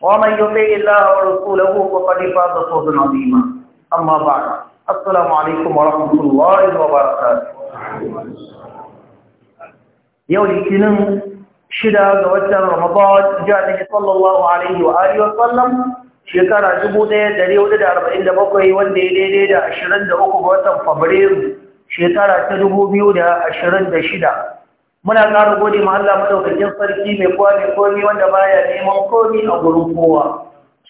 ومن يطع الله ورسوله فقد فاز فوزا عظيما اما بعد السلام عليكم ورحمه الله وبركاته yau litinin shida ga watan ramadan jami'in sallallahu alaihi wa alihi wasallam shekara 1447 wanda ya daidai da 23 ga watan fabrairu shekara ta 2026 muna ƙara gode ma Allah madaukakin sarki mai kowa mai komi wanda baya neman komi a gurin kowa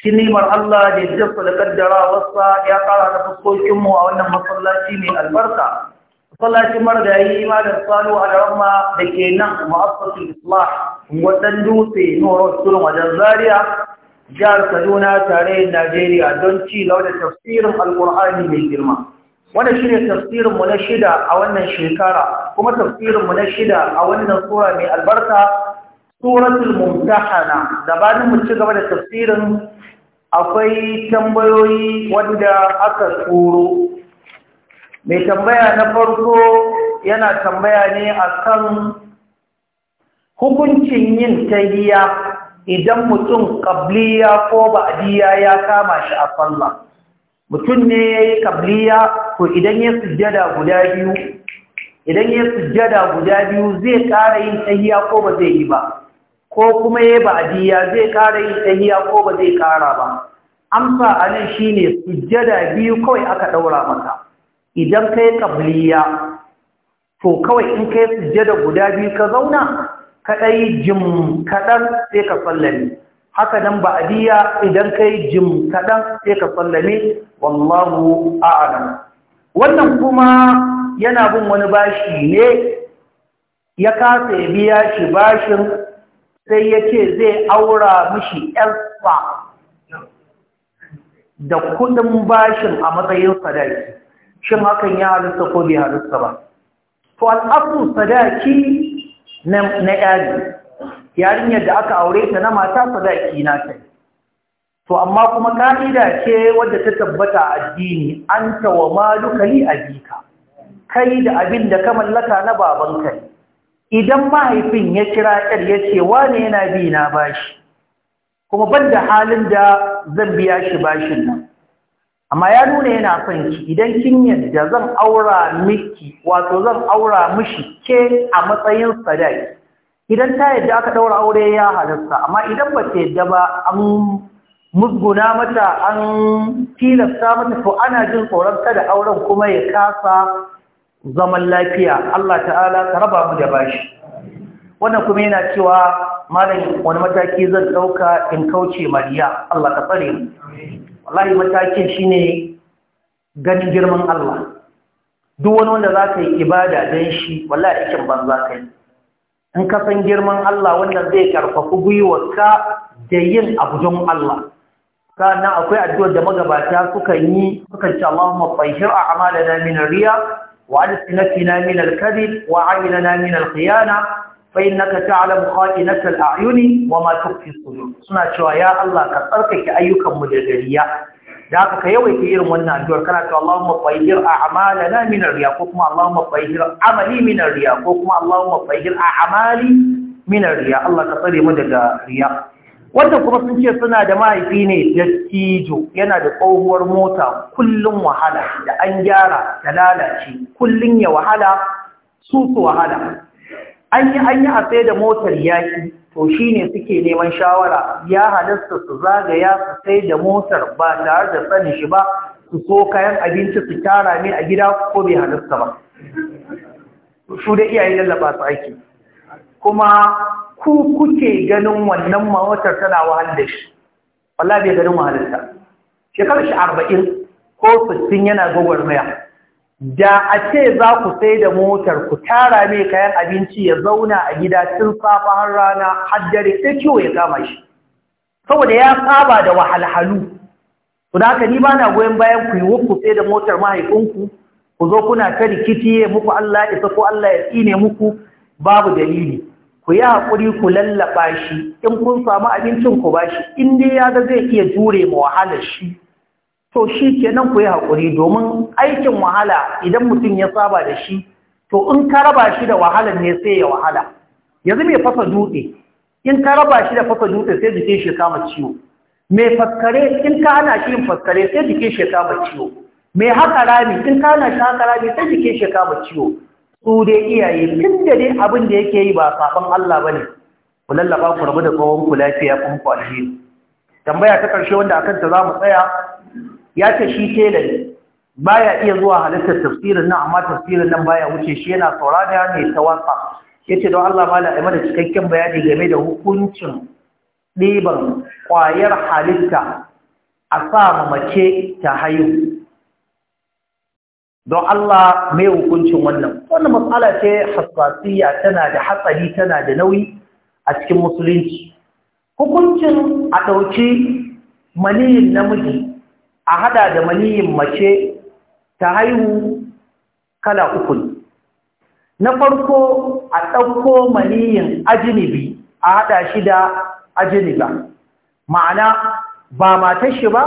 shi nimar Allah da jinsa da kaddara wasa ya ƙara da fuskokin mu a wannan masallaci mai albarka masallacin margayi imanin Salu a rahma da ke nan ma'asasin islah wadan dutse noro sulun wajen zaria jihar kaduna tare najeriya don ci lau da tafsirin alkur'ani mai girma Wanda shine tafsirin mu na shida a wannan shekara kuma tafsirin mu na shida a wannan sura mai albarka suratul mumtahana da bani mu ci gaba da tafsirin akwai tambayoyi wanda aka tsoro mai tambaya na farko yana tambaya ne a kan hukuncin yin tahiya idan mutum qabliya ko ba'diya ya kama shi a sallah mutum ne ya yi kabliya ko idan ya sujjada guda biyu idan ya sujjada guda biyu zai ƙara yin tahiya ko ba zai yi ba ko kuma ya ba'adiyya zai ƙara yin tahiya ko ba zai ƙara ba amsa a nan ne sujjada biyu kawai aka ɗaura maka idan ka yi kabliya to kawai in ka yi sujjada guda biyu ka zauna ka ɗai jim kaɗan sai ka sallame haka nan ba a biya idan kai jim kaɗan sai ka sallame wallahu a'lam wannan kuma yana bin wani bashi ne ya kasa ya biya shi bashin sai ya ce zai aura mishi ƴarsa da kuɗin bashin a matsayin sadaki shin hakan ya halitta ko bai halitta ba to al'abu sadaki na ƴari yarinyar da aka aure ta na mata sadaki na ta to amma kuma ka'ida ce wanda ta tabbata addini an tawa maluka li abika kai da abin da ka mallaka na baban kai idan mahaifin ya kira yar ya ce wane yana bi na bashi kuma banda halin da zan biya shi bashin nan amma ya nuna yana son ki idan kin yadda zan aura miki wato zan aura mishi ke a matsayin sadaki idan ta yadda aka ɗaura aure ya halasta amma idan ba ta yadda ba an musguna mata an tilasta mata to ana jin tsoron da auren kuma ya kasa zaman lafiya Allah ta'ala ka raba mu da bashi wannan kuma yana cewa malam wani mataki zan ɗauka in kauce mariya Allah ka tsare mu wallahi matakin shine ganin girman Allah duk wani wanda zaka yi ibada don shi wallahi kin banza ka yi in ka san girman Allah wanda zai karfafi ka da yin abu don Allah sannan akwai addu'ar da magabata suka yi suka ce Allahumma fahir a amalana min riya wa na min alkadhib wa na min alkhiyana fa innaka ta'lamu kha'inata al'ayuni wa ma tukhfi sudur suna cewa ya Allah ka tsarkake ayyukan mu da gariya da haka yawaita irin wannan addu'ar kana cewa Allahumma tahhir a'malana min riya ko kuma Allahumma tahhir amali min riya ko kuma Allahumma tahhir a'mali min riya Allah ka tsare mu daga riya wanda kuma sun ce suna da mahaifi ne dattijo yana da tsohuwar mota kullum wahala da an gyara da lalace kullum ya wahala su su wahala an yi an yi a sai da motar yaki to shine suke neman shawara ya halasta su zagaya su sai da motar ba tare da sanin shi ba su so kayan abinci su tara ne a gida ko bai halasta ba su da iyaye lallaba su aiki kuma ku kuke ganin wannan motar tana wahalar da shi wallahi bai ganin wahalarta shekarar shi arba'in ko sittin yana gwagwarmaya da a ce za ku sai da motar ku tara mai kayan abinci ya zauna a gida tun safa har rana har dare sai ciwo ya kama shi saboda ya saba da wahalhalu ku da haka ni ba na goyon bayan ku yi wuku sai da motar mahaifinku ku zo kuna ta rikici ya muku Allah isa ko Allah ya tsine muku babu dalili ku yi haƙuri ku lallaɓa shi in kun samu abincin ku ba shi in dai ya ga zai iya jure ma wahalar shi to shi kenan ku yi haƙuri domin aikin wahala idan mutum ya saba da shi to in ka raba shi da wahalar ne sai ya wahala yanzu mai fasa dutse in ka raba shi da fasa dutse sai jikin shi kama ciwo mai faskare in ka ana shi yin faskare sai jikin shi kama ciwo mai haka rami in ka ana shi haka rami sai jikin shi kama ciwo su dai iyaye tun da dai abin da yake yi ba sabon Allah ba ne ku lallaba ku rabu da tsawon ku lafiya kun ku alheri tambaya ta ƙarshe wanda akan ta za mu tsaya ya ce shi telan baya iya zuwa halittar tafsirin nan amma tafsirin nan baya wuce shi yana saurara ne ta wasa ce, don Allah mala ai mana cikakken bayani game da hukuncin ɗiban ƙwayar halitta a sa mace ta haihu don Allah mai hukuncin wannan wannan matsala ce hassasiya tana da hatsari tana da nauyi a cikin musulunci hukuncin a ɗauki maniyin namiji a hada da maniyin mace ta haihu kala uku na farko a ɗauko maniyin ajinibi a hada shi da ajiniba ma'ana ba matar shi ba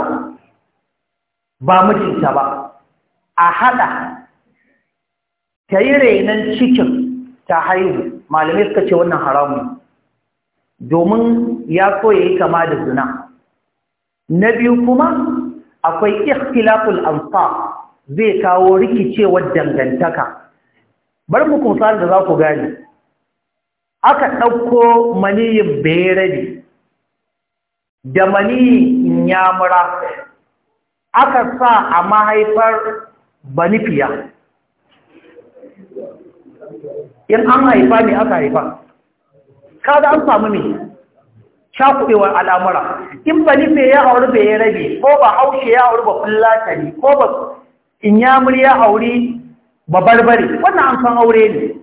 ba mijinta ba a hada ta yi renon cikin ta haihu malamai suka ce wannan haramun domin ya so ya yi kama da zina na biyu kuma akwai ikhtilaful amsa zai kawo rikicewar dangantaka bar mu kumsar da za ku gani. aka ɗauko maniyin berani da maniyin yamura aka sa a mahaifar banifiya in an haifa ne aka haifa kada an samu ne cakuɗewar al'amura in ba nufe ya auri bai ya rabe ko ba haushe ya auri ba ne, ko ba inyamur ya auri ba barbare wannan an san aure ne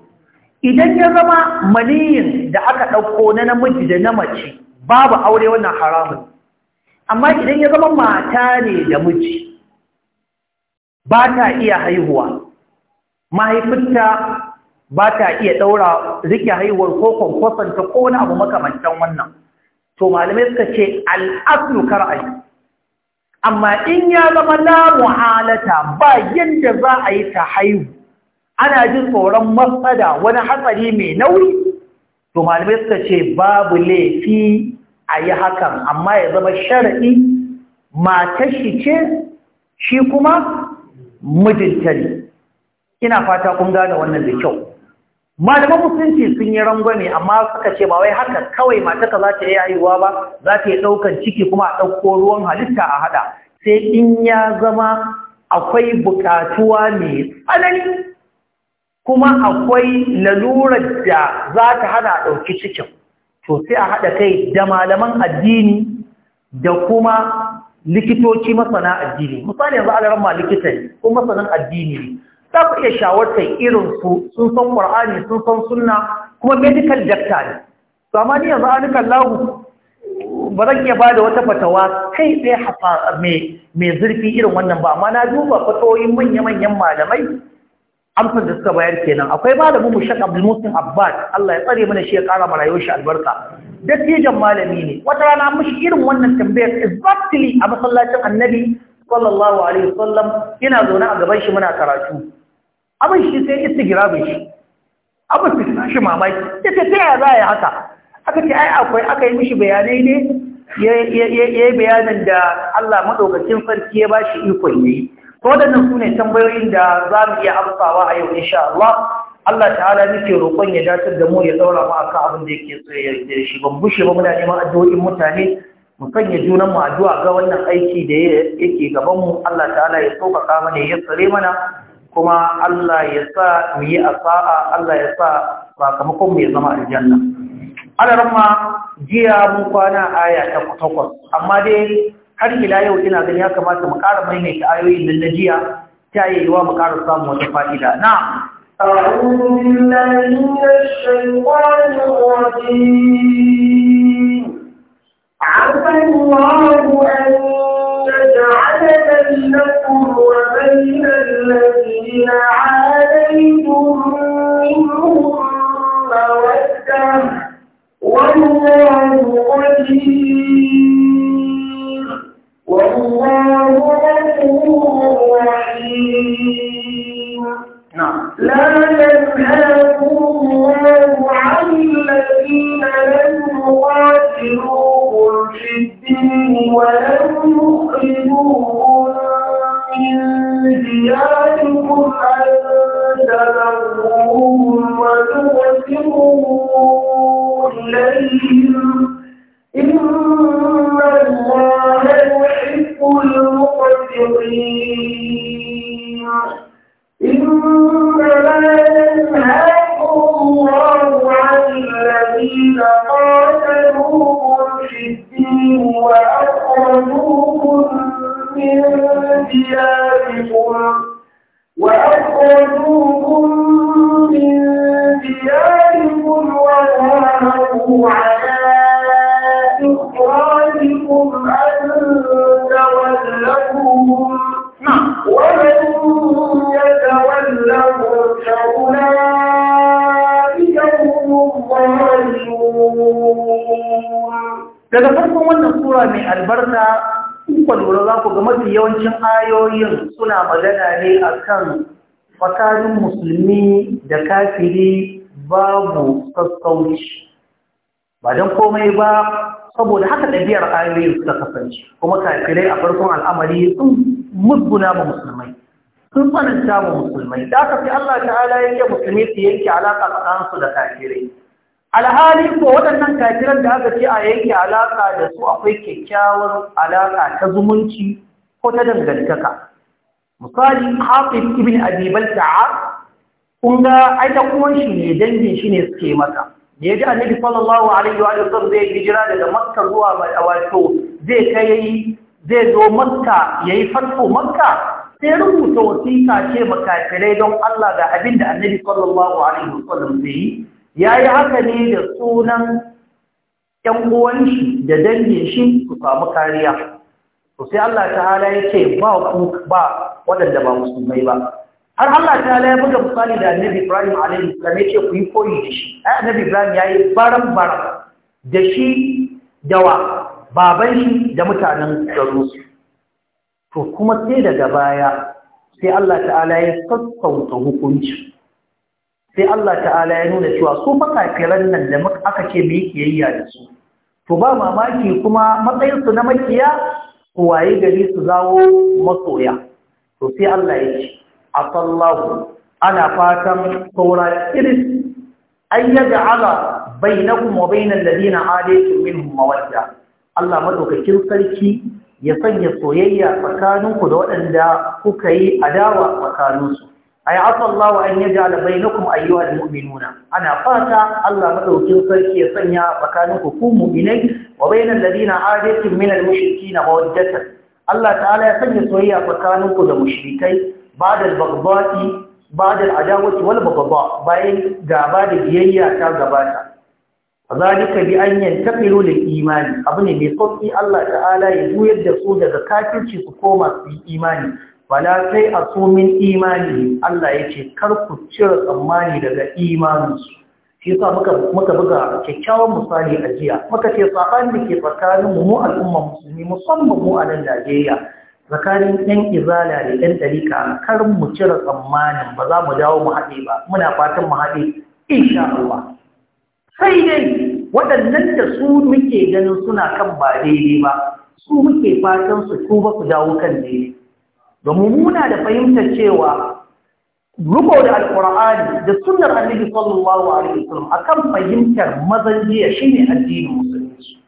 idan ya zama maniyin da aka ɗauko na namiji da na mace babu aure wannan haramun amma idan ya zama mata ne da miji ba ta iya haihuwa mahaifinta ba ta iya ɗaura rike haihuwar ko kwankwasanta ko wani abu makamantan wannan to malamai suka ce al'aslu kar'ayi amma in ya zama la mu'alata ba yadda za a yi ta haihu ana jin tsoron matsada wani hatsari mai nauyi to malamai suka ce babu laifi a yi hakan amma ya zama shara'i matashi ce shi kuma mijinta ne ina fata kun gane wannan da kyau malaman musulunci sun yi rangwame amma suka ce ba wai haka kawai mata za ta yi haihuwa ba za ta yi ɗaukar ciki kuma a ɗauko ruwan halitta a haɗa sai in ya zama akwai buƙatuwa mai tsanani kuma akwai lalurar da za ta hana ɗauki cikin to sai a haɗa kai da malaman addini da kuma likitoci masana addini misali yanzu alaran ma likita ne ko masanan addini za ku iya shawartar irinsu sun san ƙwar'ani sun san sunna kuma medical doctor ne to amma ni yanzu anukan lahu ba zan iya ba da wata fatawa kai tsaye hafa mai zurfi irin wannan ba amma na duba fatawoyin manya-manyan malamai amsar da suka bayar kenan akwai mu mushak abdulmusin abbas allah ya tsare mana shi ya ƙara mara shi albarka dattijan malami ne wata rana mushi irin wannan tambayar exactly a masallacin annabi sallallahu alaihi wasallam yana zaune a gaban shi muna karatu abin shi sai istigrabin shi abin su shi mamaki ya ce ta za a yi haka aka ce ai akwai aka yi mishi bayanai ne ya yi bayanin da Allah maɗaukacin sarki ya ba shi ikon yi waɗannan su ne tambayoyin da za mu iya amsawa a yau insha Allah Allah ta'ala muke roƙon ya datar da mu ya tsaura mu akan abin da yake so ya yarda shi ban bushe ba muna neman addu'o'in mutane mu sanya junan mu addu'a ga wannan aiki da yake gaban mu Allah ta'ala ya sauƙaƙa mana ya tsare mana kuma Allah ya sa mu yi asa'a Allah ya sa sakamakon mu ya zama aljanna ana ramma jiya mun kwana aya ta takwas amma dai har ila yau ina gani ya kamata mu ƙara maimaita ayoyin nan na jiya ta yi wa mu ƙara samun wata fa'ida na أعوذ بالله من الشيطان الرجيم عفى الله أن لجعل لكم وبين الذين عاديتم منهم مودة والله قدير والله غفور رحيم نعم لا ينهاكم الله عن الذين لم يقاتلوكم في الدين ولم يخرجوكم من دياركم أن تبروهم وتقسموا إليهم إن الله يحب المقسطين Gracias. barna in kwalwara za ku ga mafi yawancin ayoyin suna magana ne a kan musulmi da kafiri babu sassauci ba don komai ba saboda haka ɗabi'ar ayoyin suka kasance kuma kafirai a farkon al'amari sun musguna ma musulmai sun tsananta ma musulmai da aka fi Allah ta'ala yake musulmi su yanke alaƙa tsakaninsu da kafirai alhali ko waɗannan kafiran da aka ce a yanke alaƙa da su akwai kyakkyawar alaƙa ta zumunci ko ta dangantaka misali hafiz ibn abi balta'a kun ga ai ta shi ne dangin shi ne suke masa da ya ji annabi sallallahu alaihi wa sallam zai hijira daga makka zuwa wato zai kai zai zo makka yayi fatu makka sai rubuta wasiƙa ce makafirai don Allah ga abin da annabi sallallahu alaihi sallam zai yi ya yi haka ne da sunan ‘yan uwanshi da dangin shi su samu kariya to sai Allah ta'ala ya ce ba ku ba waɗanda ba musulmai ba har Allah ta'ala ya buga misali da annabi Ibrahim alaihi salam ya ce ku yi koyi da shi ai annabi Ibrahim ya yi baran baran da shi dawa baban shi da mutanen garusu su to kuma sai daga baya sai Allah ta'ala ya sassauta hukunci sai Allah ta'ala ya nuna cewa su makafiran nan da aka ce mai kiyayya da su to ba mamaki kuma matsayinsu na makiya ku waye gari su zawo masoya to sai Allah ya ce a sallahu ana fatan saura iris an yaj'ala bainakum wa bainal ladina adaytum minhum mawadda Allah maɗaukakin sarki ya sanya soyayya tsakaninku da waɗanda kuka yi adawa tsakaninsu a afa Allah an yaj'ala bainakum ayyuhal mu'minuna ana fata Allah madaukin sarki ya sanya tsakanin ku ku mu'minai wa bainal ladina adatu min al na mawaddatan Allah ta'ala ya sanya soyayya tsakanin ku da mushrikai ba'da al baghdati ba'da al adawaci wani baghdha bayan gaba da biyayya ta gabata zalika bi an yantaqilu lil imani abu ne mai sauki Allah ta'ala ya juyar da su daga kafirci su koma su imani Bala sai a tsomin imani Allah ya ce ku cire tsammani daga imaninsu shi sa muka buga kyakkyawan misali a jiya muka ce tsakanin da ke tsakanin mu al'ummar musulmi musamman mu a nan Najeriya tsakanin ɗan izala da ɗan ɗarika kar mu cire tsammanin ba za mu dawo mu haɗe ba muna fatan mu haɗe insha Allah sai dai waɗannan da su muke ganin suna kan ba daidai ba su muke fatan su tuba su dawo kan daidai domin muna da fahimtar cewa rubo da alkur'ani da sunnar annabi sallallahu alaihi wasallam akan fahimtar mazan jiya shine addinin musulunci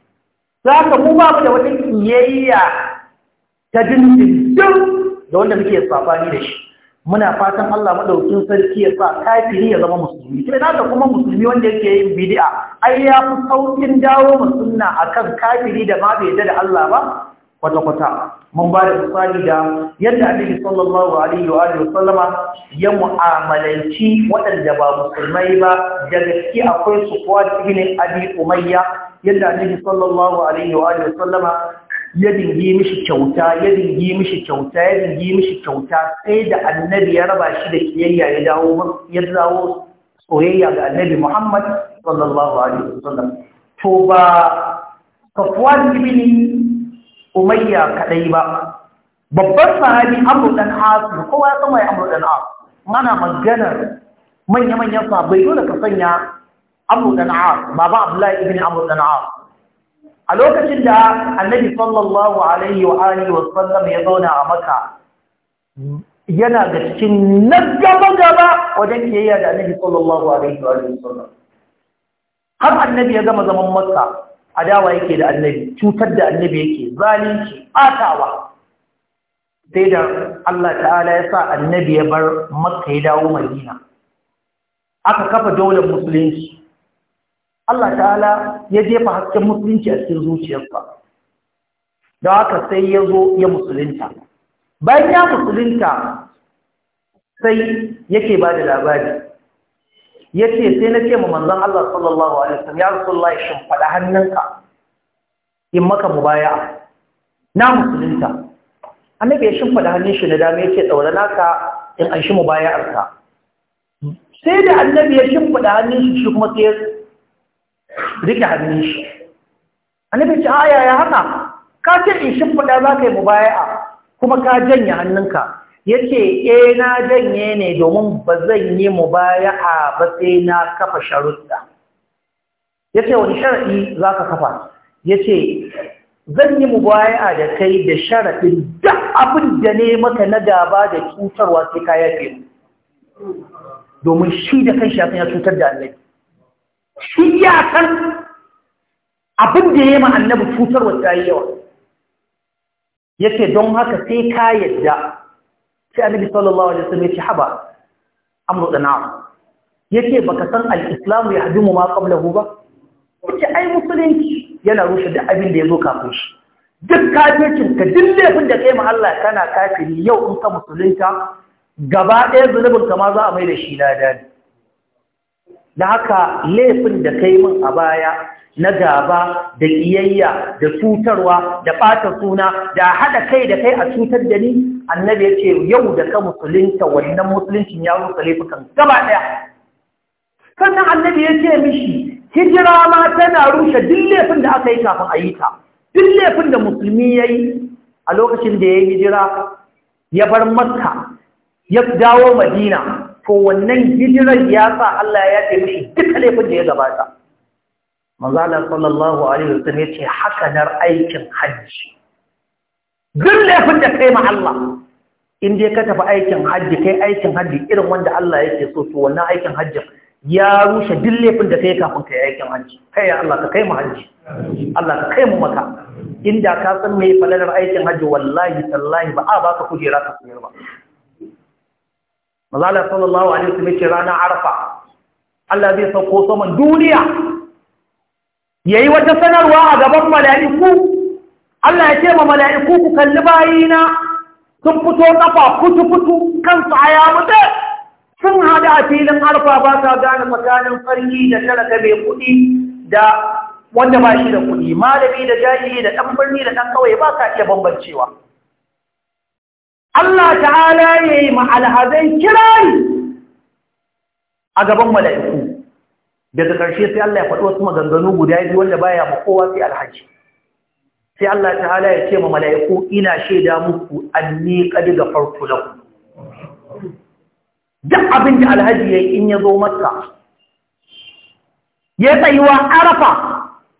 zaka mu ba da wata kiyayya ta dindindin da wanda muke safani da shi muna fatan Allah madaukin sarki ya sa kafiri ya zama musulmi na da kuma musulmi wanda yake yin bid'a ai ya fi saukin dawo musulma sunna akan kafiri da ma bai da Allah ba kwata-kwata mun ba da misali da yadda annabi sallallahu alaihi wa alihi sallama ya mu'amalanci waɗanda ba musulmai ba da gaske akwai su kuwa cikin abi umayya yadda annabi sallallahu alaihi wa alihi sallama ya dingi mishi kyauta ya dingi mishi kyauta ya dingi mishi kyauta sai da annabi ya raba shi da kiyayya ya dawo ya dawo soyayya ga annabi Muhammad sallallahu alaihi wasallam to ba Safwan ibn umayya kadai ba babban sahabi amru dan hasu kowa ya tsama ya amru dan hasu mana maganar manya-manyan sahabbai dole ka sanya amru dan hasu baba abdullahi ibn amru dan hasu a lokacin da annabi sallallahu alaihi wa alihi wa sallam ya zauna a maka yana da cikin na gaba-gaba wajen kiyayya da annabi sallallahu alaihi wa sallam har annabi ya gama zaman maka adawa yake da annabi cutar da annabi yake zalunci atawa sai da Allah ta'ala ya sa annabi ya bar makka ya dawo madina aka kafa daular musulunci Allah ta'ala ya jefa hasken musulunci a cikin zuciyarsa da haka sai ya zo ya musulunta bayan ya musulunta sai yake ba da labari ya ce sai na ce ma manzan Allah sallallahu Alaihi wasallam ya Rasulullahi shin faɗa hannunka in maka mu baya na musulunta annabi ya shin hannun shi na dama ya ce ɗaura naka in an shi mu baya'arka sai da annabi ya shin hannun shi shi kuma sai rike hannun shi annabi ce a yaya haka ka ce in shin za ka yi mu baya'a kuma ka janye hannunka ya ce e na janye ne domin ba zan yi mu baya a ba sai na kafa sharuɗa ya ce wani sharaɗi za ka kafa ya ce zan yi mu baya da kai da sharaɗin duk abin da ne maka na gaba da cutarwa sai ka yafe domin shi da kan shafin ya cutar da annabi shi ya san abin da ya yi ma annabi cutarwa ta yi yawa ya ce don haka sai ka yadda sai annabi sallallahu alaihi wasallam ya ce haba amru da na'am yace baka san al-islamu yahdumu ma qablahu ba yace ai musulunci yana rushe duk abin da yazo kafin shi duk kafircin ka duk laifin da kai ma Allah kana kafiri yau in ka musulunta gaba ɗaya zunubin ka ma za a mai da shi na ne da haka laifin da kai mun a baya na gaba da iyayya, da cutarwa da ɓata suna da haɗa kai da kai a cutar da ni annabi ya yau da ka musulunta wannan musuluncin ya rusa laifukan gaba ɗaya sannan annabi yace mishi hijira ma tana rushe duk laifin da aka yi kafin a yi ta duk laifin da musulmi ya yi a lokacin da ya yi hijira ya bar makka ya dawo madina to wannan hijirar ya sa Allah ya ce mishi duk laifin da ya gabata manzala sallallahu alaihi wasallam ya ce hakanar aikin hajji duk laifin da kai ma Allah in dai ka tafi aikin hajji kai aikin hajji irin wanda Allah ya yake so to wannan aikin hajji ya rushe duk laifin da kai kafin kai aikin hajji kai ya Allah ka kai mu hajji Allah ka kai mu maka inda ka san me falalar aikin hajji wallahi tallahi ba a baka kujera ka sayar ba mazala sallallahu alaihi wasallam ce ranar arfa Allah zai sauko saman duniya yayi wata sanarwa a gaban mala'iku Allah ya ce ma mala'iku ku kalli bayina sun fito kafa futu futu kansu a yamuta sun hada a filin arfa ba ta gane tsakanin farki da talaka mai kuɗi da wanda ba shi da kuɗi malami da jahili da ɗan birni da ɗan ƙauye ba ka iya bambancewa Allah ta'ala ya yi ma'alhazai kirari a gaban mala'iku daga ƙarshe sai Allah ya faɗi wasu maganganu guda biyu wanda baya ya kowa sai alhaji sai Allah ta'ala ya ce ma mala'iku ina shaida muku anni qad gafartu lakum duk abin da alhaji yayi in ya zo maka ya tsayuwa arafa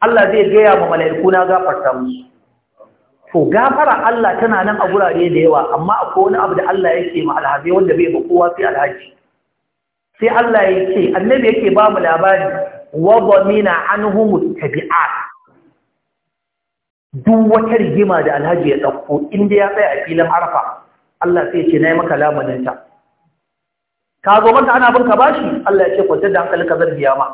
Allah zai gaya ma mala'iku na gafarta musu to gafara Allah tana nan a gurare da yawa amma akwai wani abu da Allah yake ma alhaji wanda bai ba kowa sai alhaji sai Allah yake annabi yake ba mu labari wa dhamina anhum muttabi'at duk wata rigima da alhaji ya dauko inda ya tsaya a filin arfa Allah sai ya ce nayi maka lamaninta. ta ka zo maka ana bin ka bashi Allah ya ce kwanta da hankali ka zargiya ma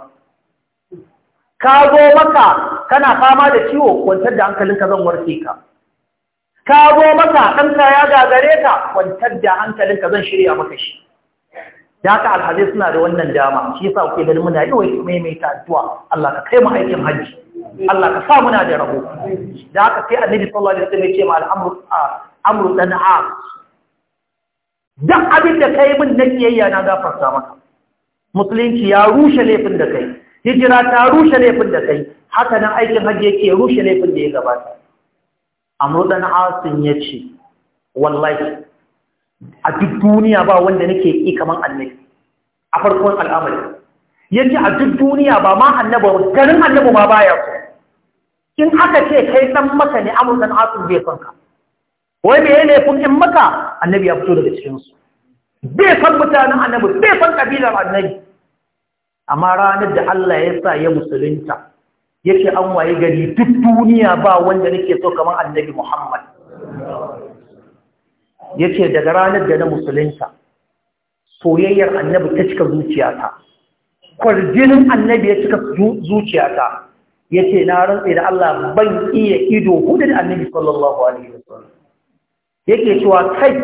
ka zo maka kana fama da ciwo kwantar da hankali ka zan warke ka ka zo maka ɗanka ya gagare ka kwantar da hankalinka zan shirya maka shi da haka alhazai suna da wannan dama shi yasa kuke gani muna yi wa wai maimaita addu'a Allah ka kai mu aikin hajji Allah ka sa muna da rabo da haka sai annabi sallallahu alaihi wasallam ya ce ma al'amru amru dan a duk abin da kai min na kiyayya na gafarta maka musulunci ya rushe laifin da kai hijira ta rushe laifin da kai haka nan aikin hajji yake rushe laifin da ya gabata amurdan asin ya ce wallahi a duk duniya ba wanda nake yi kaman annabi a farkon al'amari ya ce a duk duniya ba ma ba garin annaba ma baya so in aka ce kai san maka ne amurdan asin bai son ka wai me ne kun in maka annabi ya fito daga cikinsu bai san mutanen annabi bai san kabilar annabi amma ranar da Allah ya sa ya musulunta yace an waye gari duk duniya ba wanda nake so kamar annabi Muhammad yace daga ranar da na musulunta soyayyar annabi ta cika zuciyata kwarjinin annabi ya cika zuciyata yace na rantsa da Allah ban iya ido hudu da annabi sallallahu alaihi yake cewa kai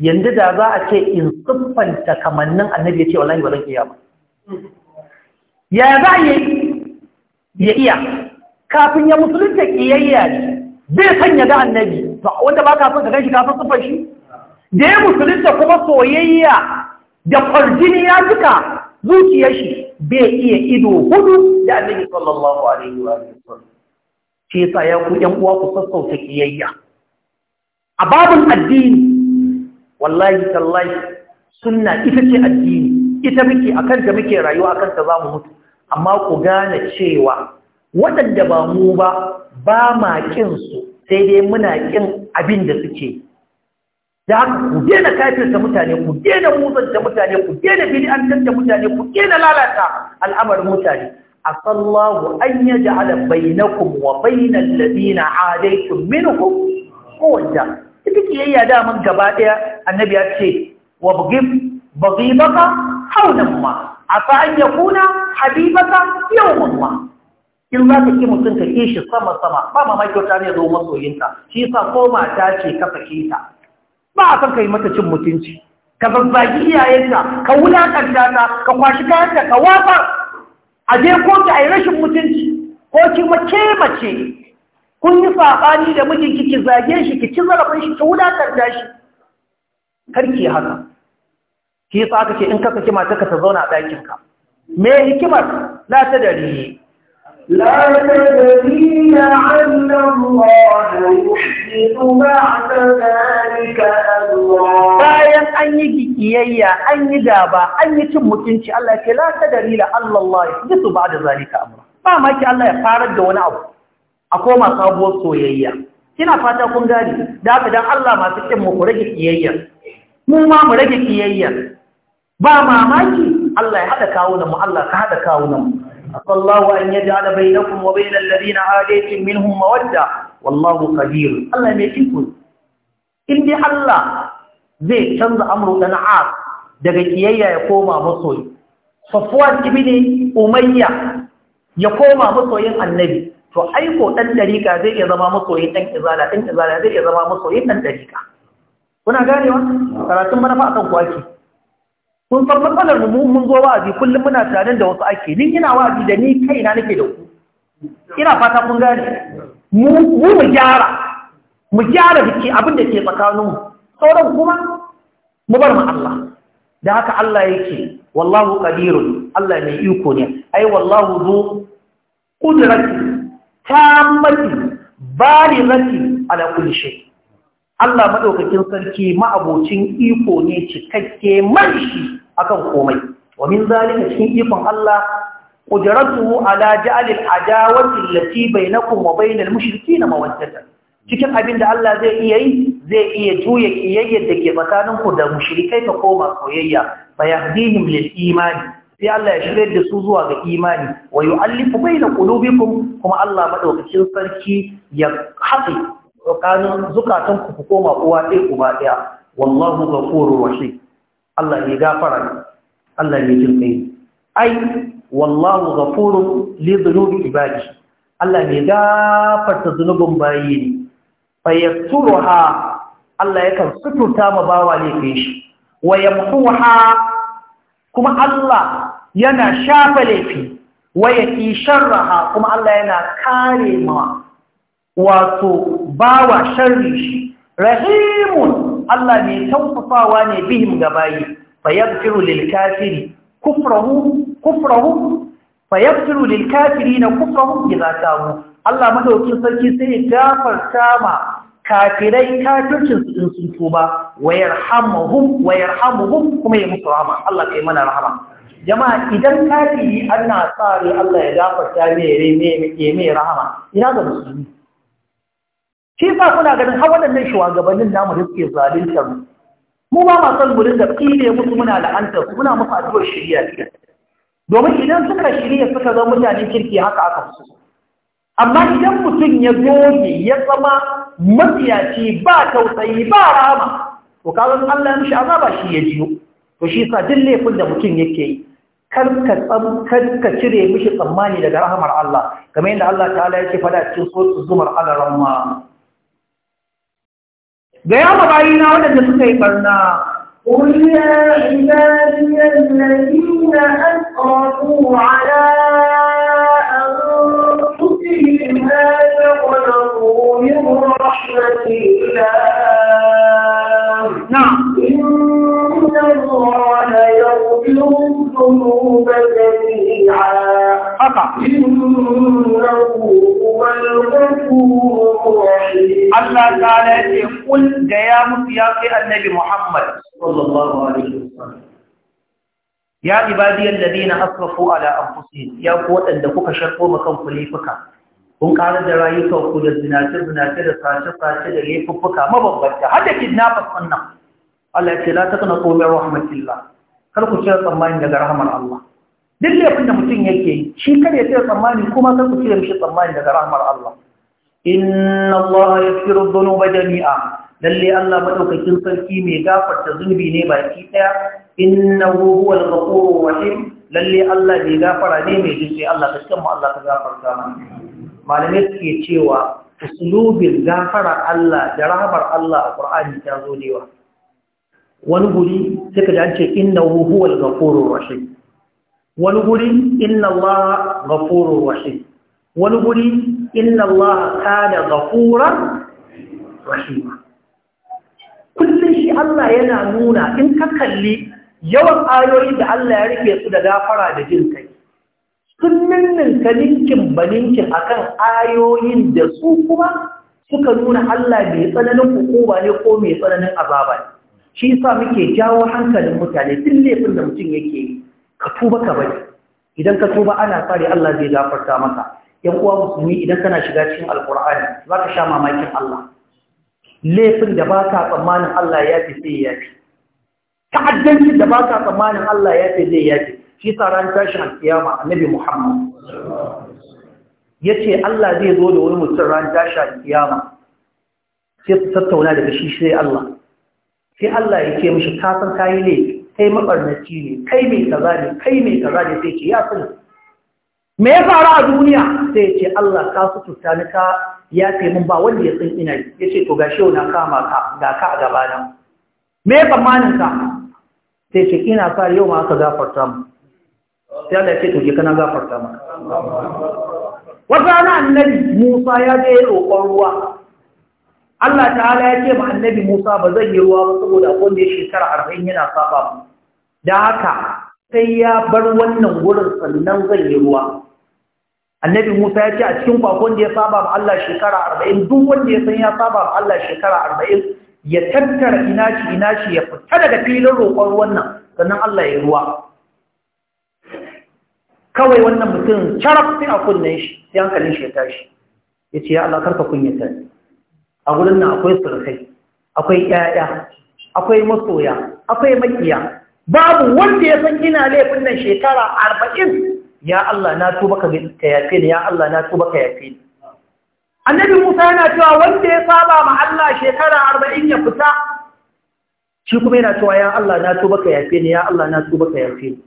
yanzu da za a ce in siffanta kamannin annabi ya ce wallahi ba zan iya ba ya za yi ya iya kafin ya musulunta kiyayya ne zai sanya ya ga annabi wanda ba kafin ka gan shi kafin sufar shi da ya musulunta kuma soyayya da kwarjini ya duka zuciyar shi bai iya ido hudu da annabi sallallahu alaihi wa sallam shi yasa ya ku yan uwa ku sassauta kiyayya a babin addini wallahi tallahi sunna ita ce addini ita muke akan ta muke rayuwa akan ta zamu mutu amma ku gane cewa waɗanda ba mu ba ba ma su sai dai muna ƙin abin da suke da haka ku daina kafirta mutane ku daina musanta mutane ku daina bid'antar da mutane ku daina lalata al'amarin mutane asallahu an ja'ala bainakum wa bainal ladina adaytum minhum qawta ita kiyayya da man gaba daya annabi ya ce wa bughib baghibaka hawlan ma asa an yakuna habibaka yawmun wa in za ka ki mutum ka kishi sama sama ba mamaki wata ne zo masoyinta shi sa koma ta ce ka sake ta ba a san yi mata cin mutunci ka zazzagi iyayenta ka wulakanta ta ka kwashi kayanta ka wafa a je kotu a yi rashin mutunci ko ki mace mace kun yi saɓani da mijinki ki zage shi ki ci zarafin shi ki wulakanta shi karki haka shi yasa aka ce in ka saki mata ka ta zauna a ɗakinka. me hikimar la ta dari la ta dari ya anna Allah yuhdidu ba'da zalika Allah bayan an yi kiyayya an yi daba an yi cin mutunci Allah ce la ta dari la Allah Allah yuhdidu ba'da zalika Allah ba ma ki Allah ya farar da wani abu a koma sabuwar soyayya kina fata kun gani da haka dan Allah masu kin mu ku rage kiyayya mu ma mu rage kiyayya ba mamaki Allah ya hada kawuna mu Allah ka hada kawunan mu asallahu an yaj'ala bainakum wa bainal ladina adaytum minhum mawadda wallahu Kabiru. Allah mai iko in dai Allah zai canza amru dan as daga kiyayya ya koma masoyi Safwan ibn Umayya ya koma masoyin Annabi to aiko ɗan ɗarika zai iya zama masoyin ɗan izala ɗan izala zai iya zama masoyin ɗan ɗarika kuna ganewa karatun manufa akan kwaki kun san matsalar mu mun zo wa'azi kullum muna tare da wasu ake ni ina wa'azi da ni kaina nake da ku ina fata kun gane mu mu gyara mu gyara biki abin da ke tsakanin mu sauran kuma mu bar mu Allah da haka Allah yake wallahu qadirun Allah mai iko ne ai wallahu zu qudrati tammati barizati ala kulli shay Allah madaukakin sarki ma'abocin iko ne cikakke shi akan komai wa min zalika cikin ikon Allah qudratuhu ala ja'al al-adawati allati bainakum wa bainal mushrikeena mawaddata cikin abin da Allah zai iya yi zai iya juya kiyayyar da ke ku da mushrikai ka koma soyayya fa yahdihim lil imani sai Allah ya shirye da su zuwa ga imani wa yu'allifu baina qulubikum kuma Allah madaukakin sarki ya haɗe tsakanin zukatan ku koma uwa ɗaya uba ɗaya wallahu ghafurur rahim Allah ne gafara Allah ne jin kai ai wallahu ghafurun li dhunubi ibadi Allah ne gafarta zunubin bayi ne fayassuruha Allah yakan suturta ma bawa laifin shi wa kuma Allah yana shafa laifi waya sharraha kuma Allah yana kare ma wato bawa sharri shi rahimun Allah mai tausasawa ne bihim ga bayi fayaghfiru lil kafiri kufrahu kufrahu fayaghfiru lil kafirina kufrahu idza tabu Allah madaukin sarki sai ya gafarta ma kafirai kafircin su in sun tuba wayarhamuhum wayarhamuhum kuma ya musu rahama Allah kai mana rahama jama'a idan kafiri ana tsare Allah ya gafarta mai reme mai rahama ina ga musulmi shi kuna ganin har waɗannan shugabannin namu da suke zaluntar mu mu ba ma san gurin da ƙile musu muna la'antar su muna musu addu'ar shirya ne domin idan suka shirya suka zama mutane kirki haka aka su amma idan mutum ya goge ya zama matsiyaci ba tausayi ba rama to kawo Allah ya mishi azaba shi ya jiyo to shi sa duk laifin da mutum yake yi karka cire mishi tsammani daga rahamar Allah kamar yadda Allah ta'ala yake fada cikin suratul zumar alarama gaya ma bayina suka yi barna قل يا عبادي الذين أسرفوا على أنفسهم لا تقنطوا من رحمة الله نعم إن الله يغفر الذنوب جميعا Allah ta ya ce kul da ya mutu ya annabi Muhammad sallallahu alaihi da ya ibadiyal ala anfusihim ya waɗanda kuka sharko makan kulifuka kun ƙara da rayukanku da zinace-zinace da sace-sace da laifuffuka mabambanta har da kidnappers wannan Allah ya ce la taqnatu rahmatin rahmatillah kar ku kira tsammanin daga rahmar Allah duk laifin da mutum yake shi kar ya tsaya tsammani kuma kar ku cire mishi tsammani daga rahmar Allah inna Allah yaghfiru ba jami'a lalle Allah madaukakin sarki mai gafarta zunubi ne baki daya innahu wal ghafurur rahim lalle Allah mai gafara ne mai jinkai Allah kaskan mu Allah ka gafarta mana malamai suke cewa usulubin gafara Allah da rahmar Allah a Qur'ani ta zo dewa wani guri suka ji an ce innahu wal ghafurur rahim wani guri inna Allah ghafurur rahim wani guri inna Allah kana gafura rahim kullum shi Allah yana nuna in ka kalli yawan ayoyi da Allah ya rufe su da gafara da jin kai sun ninninka ninkin baninkin akan ayoyin da su kuma suka nuna Allah mai tsananin hukuma ne ko mai tsananin azaba shi yasa muke jawo hankalin mutane duk laifin da mutum yake yi ka tuba ka bari idan ka tuba ana tsari Allah zai gafarta maka yan uwa musulmi idan kana shiga cikin alkur'ani za sha mamakin Allah laifin da ba tsammanin Allah ya fi sai ya fi da ba tsammanin Allah ya fi zai ya fi shi sa ran a alkiyama annabi Muhammad yace Allah zai zo da wani mutum ran tashin alkiyama sai tattauna daga shi sai Allah sai Allah ya ce mishi ka san kai laifi kai mabarnaci ne kai mai kaza ne kai mai kaza ne sai ce ya sani me ya faru a duniya sai ce Allah ka suturta ni ka ya ce mun ba wanda ya san ina yi yace to gashi na kama ka ga ka a gaba na me ya tsammanin ka sai ce ina fa yau ma aka gafarta mu sai Allah ce to je kana gafarta maka wata rana annabi Musa ya je roƙon ruwa Allah ta'ala ya ce ma annabi Musa ba zai yi ruwa ba saboda akwai da shekara arba'in yana saba da haka sai ya bar wannan wurin sannan zai yi ruwa annabi musa ya ce a cikin kwakwan da ya saba ma Allah shekara arba'in duk wanda ya san ya saba ma Allah shekara arba'in ya tattara inaci inaci ya fita daga filin roƙon ruwan nan sannan Allah ya ruwa kawai wannan mutum sharaf sai a kunnen shi sai hankalin shi ya tashi ya ce ya Allah karka kunyata a gurin nan akwai surkai akwai ƴaƴa akwai masoya akwai makiya babu wanda ya san ina laifin nan shekara arba'in ya Allah na tuba ka yafe ni ya Allah na tuba ka yafe ni annabi Musa yana cewa wanda ya saba ma Allah shekara arba'in ya fita shi kuma yana cewa ya Allah na tuba ka yafe ni ya Allah na tuba ka yafe ni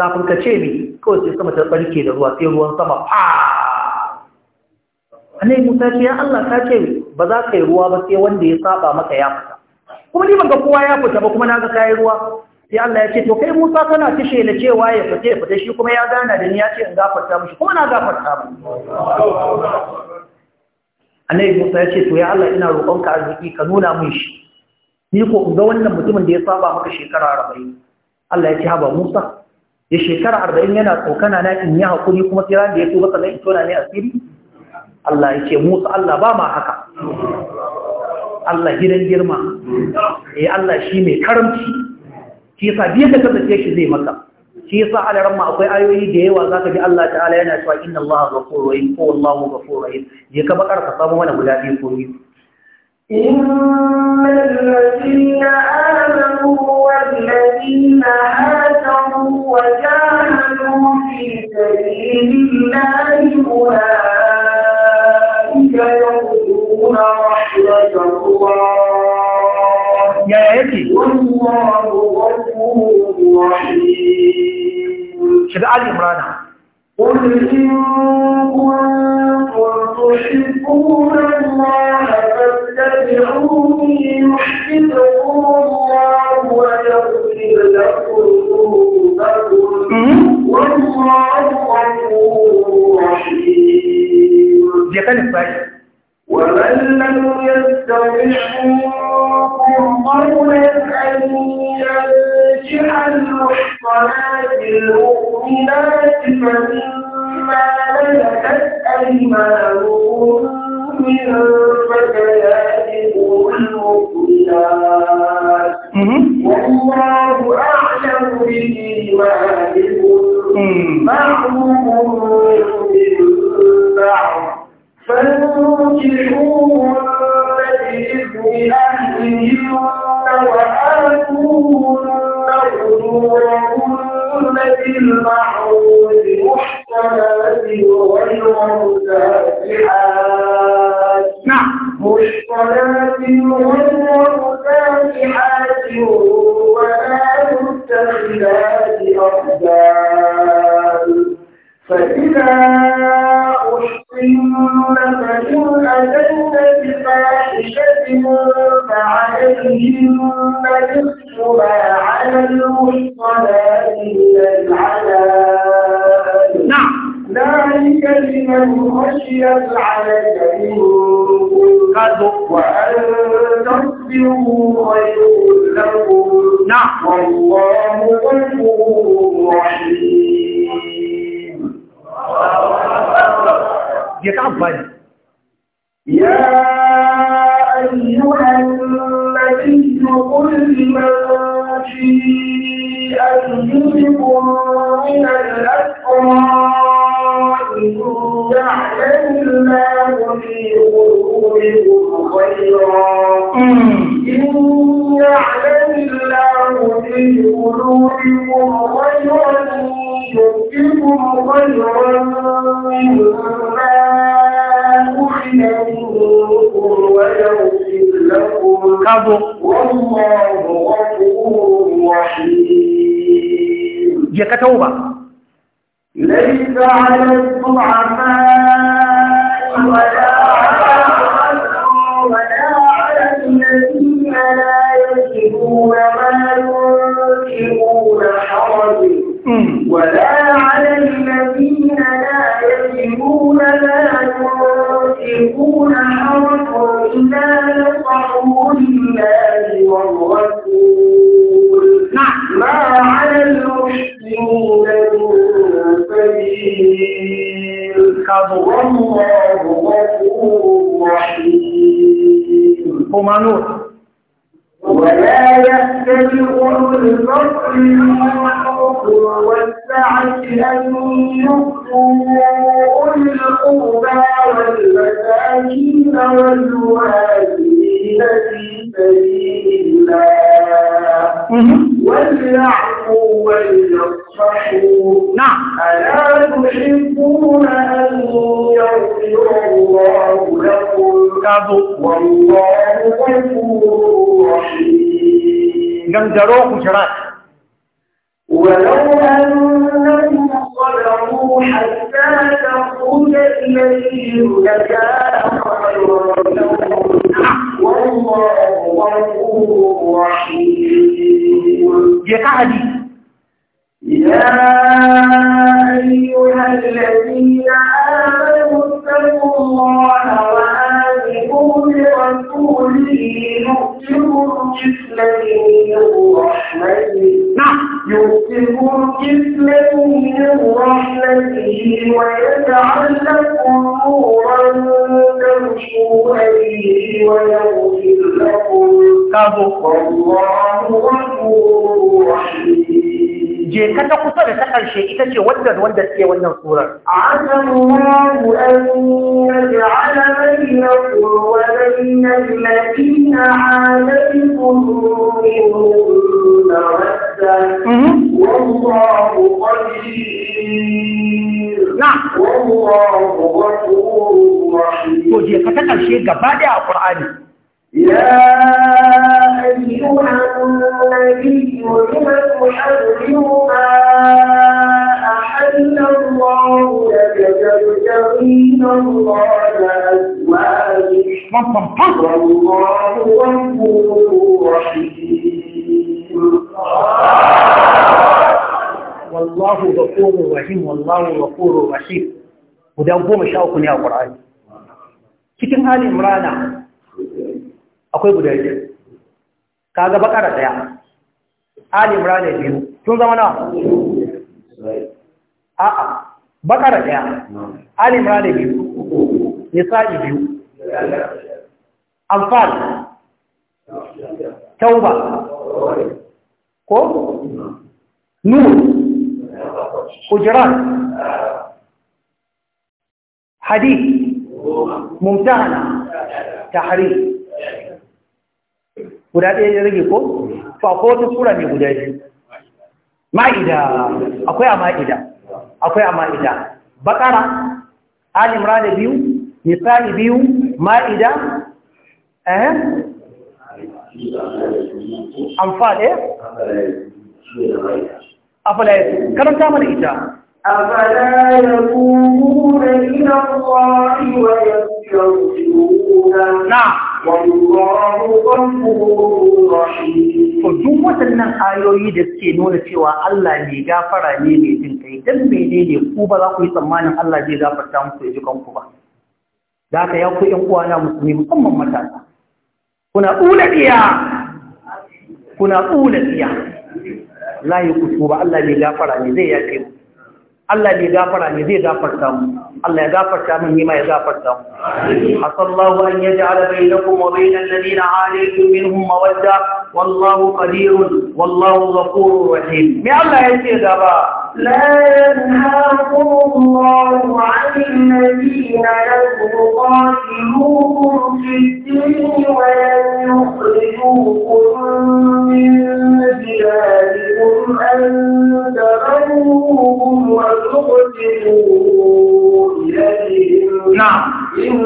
kafin ka ce ni kawai sai sama ta barke da ruwa sai ruwan sama fa annabi Musa ce ya Allah ka ce ba za ka yi ruwa ba sai wanda ya saba maka ya fita kuma ni ban ga kowa ya fita ba kuma na ga kayan ruwa sai Allah ya ce to kai Musa kana kishe ne cewa ya fice ya fita shi kuma ya gana da ni ya ce in gafarta mishi kuma na gafarta mu Annabi Musa ya ce to ya Allah ina roƙonka arziki ka nuna min shi ni ko in ga wannan mutumin da ya saba maka shekara 40 Allah ya ce haba Musa ya shekara 40 yana tsokana na in yi hakuri kuma sai ran da ya tuba sannan in tona ne asiri Allah ya ce Musa Allah ba ma haka Allah gidan girma eh Allah shi mai karamci shi yasa biyan da kasance shi zai maka shi yasa a ramma akwai ayoyi da yawa zaka ji Allah ta'ala yana cewa inna Allah ghafurur rahim ko wallahu ghafurur rahim je ka bakar ka samu mana guda biyu ko biyu إن الذين آمنوا والذين هاجروا وجاهدوا في سبيل الله أولئك يرجون رحمة الله والله الرحيم شد آل عمران قل إن كنتم تحبون الله فاتبعوني يحببكم الله ويغفر لكم ذنوبكم والله غفور رحيم. ومن لم يستطع منكم قولا أن ينجح المحصنات المؤمنات فمما ملكت أيمانكم من فتياتكم المؤمنات والله أعلم بإيمانكم بعضكم من بعض فانكحوهن بإذن أهلهن وآتوهن أجورهن بالمعروف محصنات غير مسافحات محصنات نعم وجه فتكر شيء قبادة القرآن يا أيها النبي لم تحرم ما أحل الله لك تبتغي الله أزواجك والله غفور رحيم والله غفور رحيم والله غفور Asir guda goma sha uku ne a ƙwararri. cikin hali Imrana akwai guda biyu ga bakara ɗaya hali Imrana biyu tun zama na a'a bakara ɗaya, hali Imrana biyu nisa'i biyu amfal tauba ko Nuhu, kujiran hadith mumtahana tahrir guda ɗaya ya rage ko to akwai wata sura ne guda biyu ma'ida akwai a ma'ida akwai a ma'ida bakara alimra da biyu nisa'i biyu ma'ida eh amfa ɗaya eh? afala ya karanta mana ita أفلا يتوبون إلى الله ويستغفرونه نعم والله غفور رحيم duk waɗannan ayoyi da suke nuna cewa Allah ne gafara ne mai jin kai dan menene ku ba za ku yi tsammanin Allah zai gafarta muku ji kanku ba da ka ya ku ƴan uwana musulmi musamman matasa kuna tsula tsiya kuna tsula tsiya la yi kusu ba Allah ne gafara ne zai yafe ku Allah ne gafara ne zai gafarta mu Allah ya gafarta min ma ya gafarta mu asallahu an yaj'ala bainakum wa bainal ladina alaykum minhum mawadda والله قدير والله غفور رحيم يا الله يسير لا ينهاكم الله عن الذين لم يقاتلوكم في الدين ولم يخرجوكم من بلادكم أن تبروهم وتقتلوا إليهم نعم Allah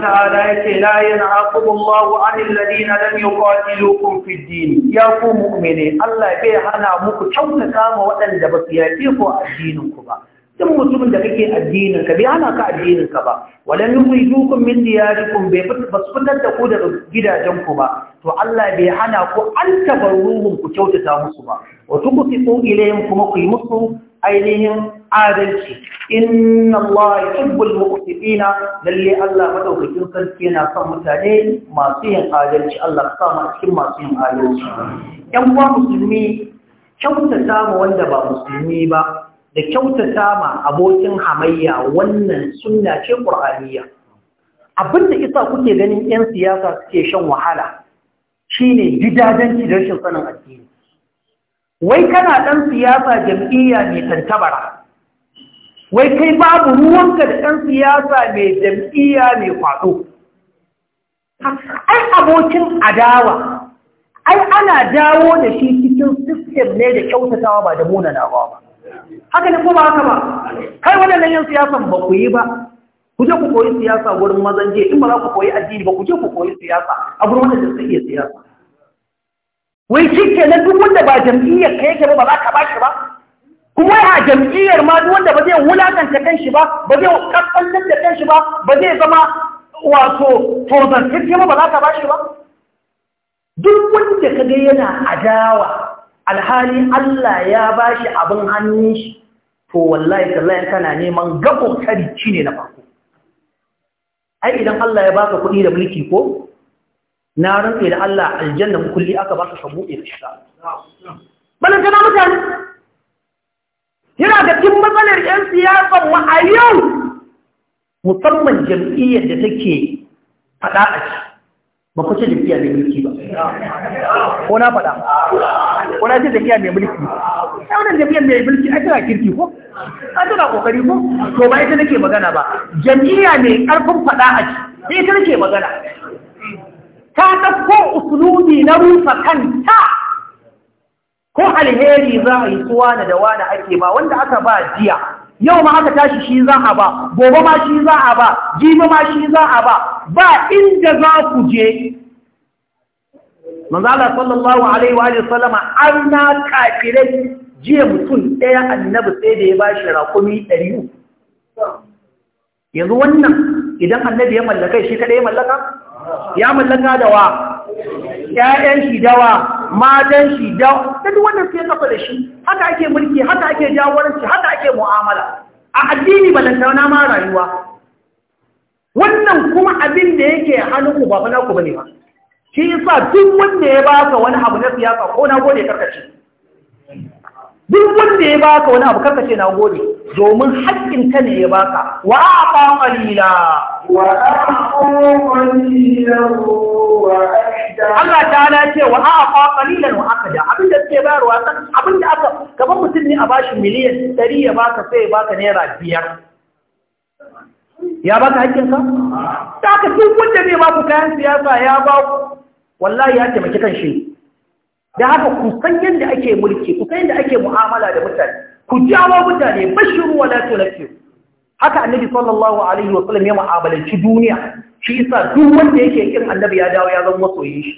ta'ala yake la yanhaqu na 'anil ladina lam yuqatilukum fid din ya ku mu'mine Allah bai hana muku kyautata waɗanda ba su yaƙe ku a addinin ku ba duk mutumin da kake addinin ka bai hana ka addinin ka ba walan yukhrijukum min diyarikum bai fitar da ku daga gidajen ku ba to Allah bai hana ku an tabarruhum ku kyautata musu ba wa tuqsitu ilayhim kuma ku yi musu ainihin adalci inna Allah yuhibbul muqsitina lalle Allah madaukakin sarki yana son mutane masu yin adalci Allah ka sa cikin masu yin adalci yan uwa musulmi kyautata ma wanda ba musulmi ba da kyautata ma abokin hamayya wannan sunna ce qur'aniyya abinda isa kuke ganin yan siyasa suke shan wahala shine gidajen rashin sanin addini wai kana ɗan siyasa jam'iyya mai tantabara wai kai babu ruwanka da ɗan siyasa mai jam'iyya mai kwaɗo ai abokin adawa ai ana dawo da shi cikin sistem ne da kyautatawa ba da na ba haka ne ko ba haka ba kai waɗannan yin siyasan ba ku yi ba ku je ku koyi siyasa wurin mazan in ba za ku koyi addini ba ku je ku koyi siyasa a gurin wanda su iya siyasa wai shi ke na duk wanda ba jam'iyyar ka yake ba ba za ka ba shi ba kuma a jam'iyyar ma duk wanda ba zai wulakanta kanshi ba ba zai kakkallar da kanshi ba ba zai zama wato torzantacce ba ba za ka ba shi ba duk wanda ka ga yana adawa alhali Allah ya ba shi abin hannun shi to wallahi tallahi kana neman gabo kari ne na farko ai idan Allah ya baka kuɗi da mulki ko na rantse da Allah aljanna mukulli aka baka ka buɗe da shiga balanta kana mutane yana da cikin matsalar 'yan siyasa mu a yau musamman jam'iyyar da take faɗa a ci ba ku ce jam'iyya mai mulki ba ko na faɗa ko na ce jam'iyya mai mulki sai wani jam'iyyar mai mulki a tana kirki ko a tana kokari ko to ba ita nake magana ba jam'iyya mai ƙarfin faɗa a ci ita nake magana ta ɗauko usulubi na rufa kanta ko alheri za a yi suwa da wani ake ba wanda aka ba jiya yau ma aka tashi shi za a ba gobe ma shi za a ba jibi ma shi za a ba ba inda za ku je manzala sallallahu alaihi wa sallama an na kafire jiya mutum ɗaya annabi sai da ya ba shi rakumi ɗari yanzu wannan idan annabi ya mallaka shi kaɗai ya mallaka ya mallaka da wa ƴaƴan shi da wa matan shi da duk wannan sai kafa da shi haka ake mulki haka ake jagoranci haka ake mu'amala a addini balantana ma rayuwa wannan kuma abin da yake hannun ku ba fa naku bane ba shi yasa duk wanda ya baka wani abu na siyasa ko na gode karkace duk wanda ya baka wani abu karkace na gode domin haƙƙin ta ne ya baka wa aqa qalila wa aqa qalila wa ahda Allah ta'ala ce wa aqa qalilan wa ahda abinda suke bayarwa san da aka kamar mutum ne a bashi miliyan ɗari ya baka sai ya baka naira biyar. ya baka haƙƙin ka ta ka duk wanda zai baku kayan siyasa ya ba ku. wallahi ya taimaki kan shi da haka ku san yadda ake mulki ku san yadda ake mu'amala da mutane ku jawo mutane bashiru wa lati tunfiru haka annabi sallallahu alaihi wa sallam ya mu'amalanci duniya shi yasa duk wanda yake kin annabi ya dawo ya zama soyayya shi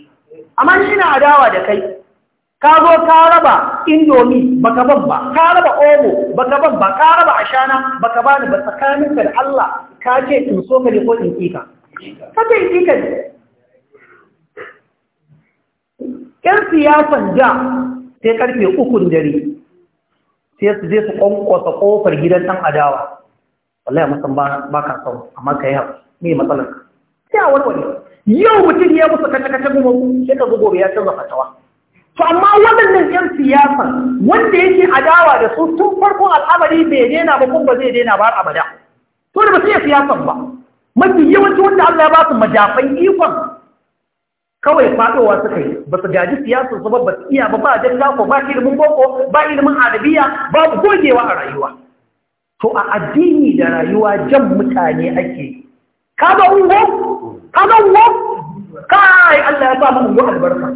amma shi na adawa da kai ka zo ka raba indomi baka ban ba ka raba omo baka ban ba ka raba ashana baka bani ba tsakanin ka da Allah ka ce in so ka ne ko in kika ka ce in kika ne ƴan siyasan da sai karfe ukun dare sai su je su kwankwasa kofar gidan ɗan adawa wallahi musan ba ka sau amma ka yi haku me matsalar ka sai a warware yau mutum ya musu kace kace goma sai ka gobe ya canza fatawa to amma waɗannan yan siyasa wanda yake adawa da su tun farkon al'amari bai daina ba kuma zai daina ba abada to da ba sai siyasan ba mafi yawanci wanda Allah ya ba su majafan ikon kawai fadowa suka yi ba su gaji siyasa su babba su iya ba ba jan gafo ba ilimin boko ba ilimin arabiya ba gogewa a rayuwa to a addini da rayuwa jan mutane ake ka ga ungo ka ga ungo kai Allah ya ba mu ungo albarka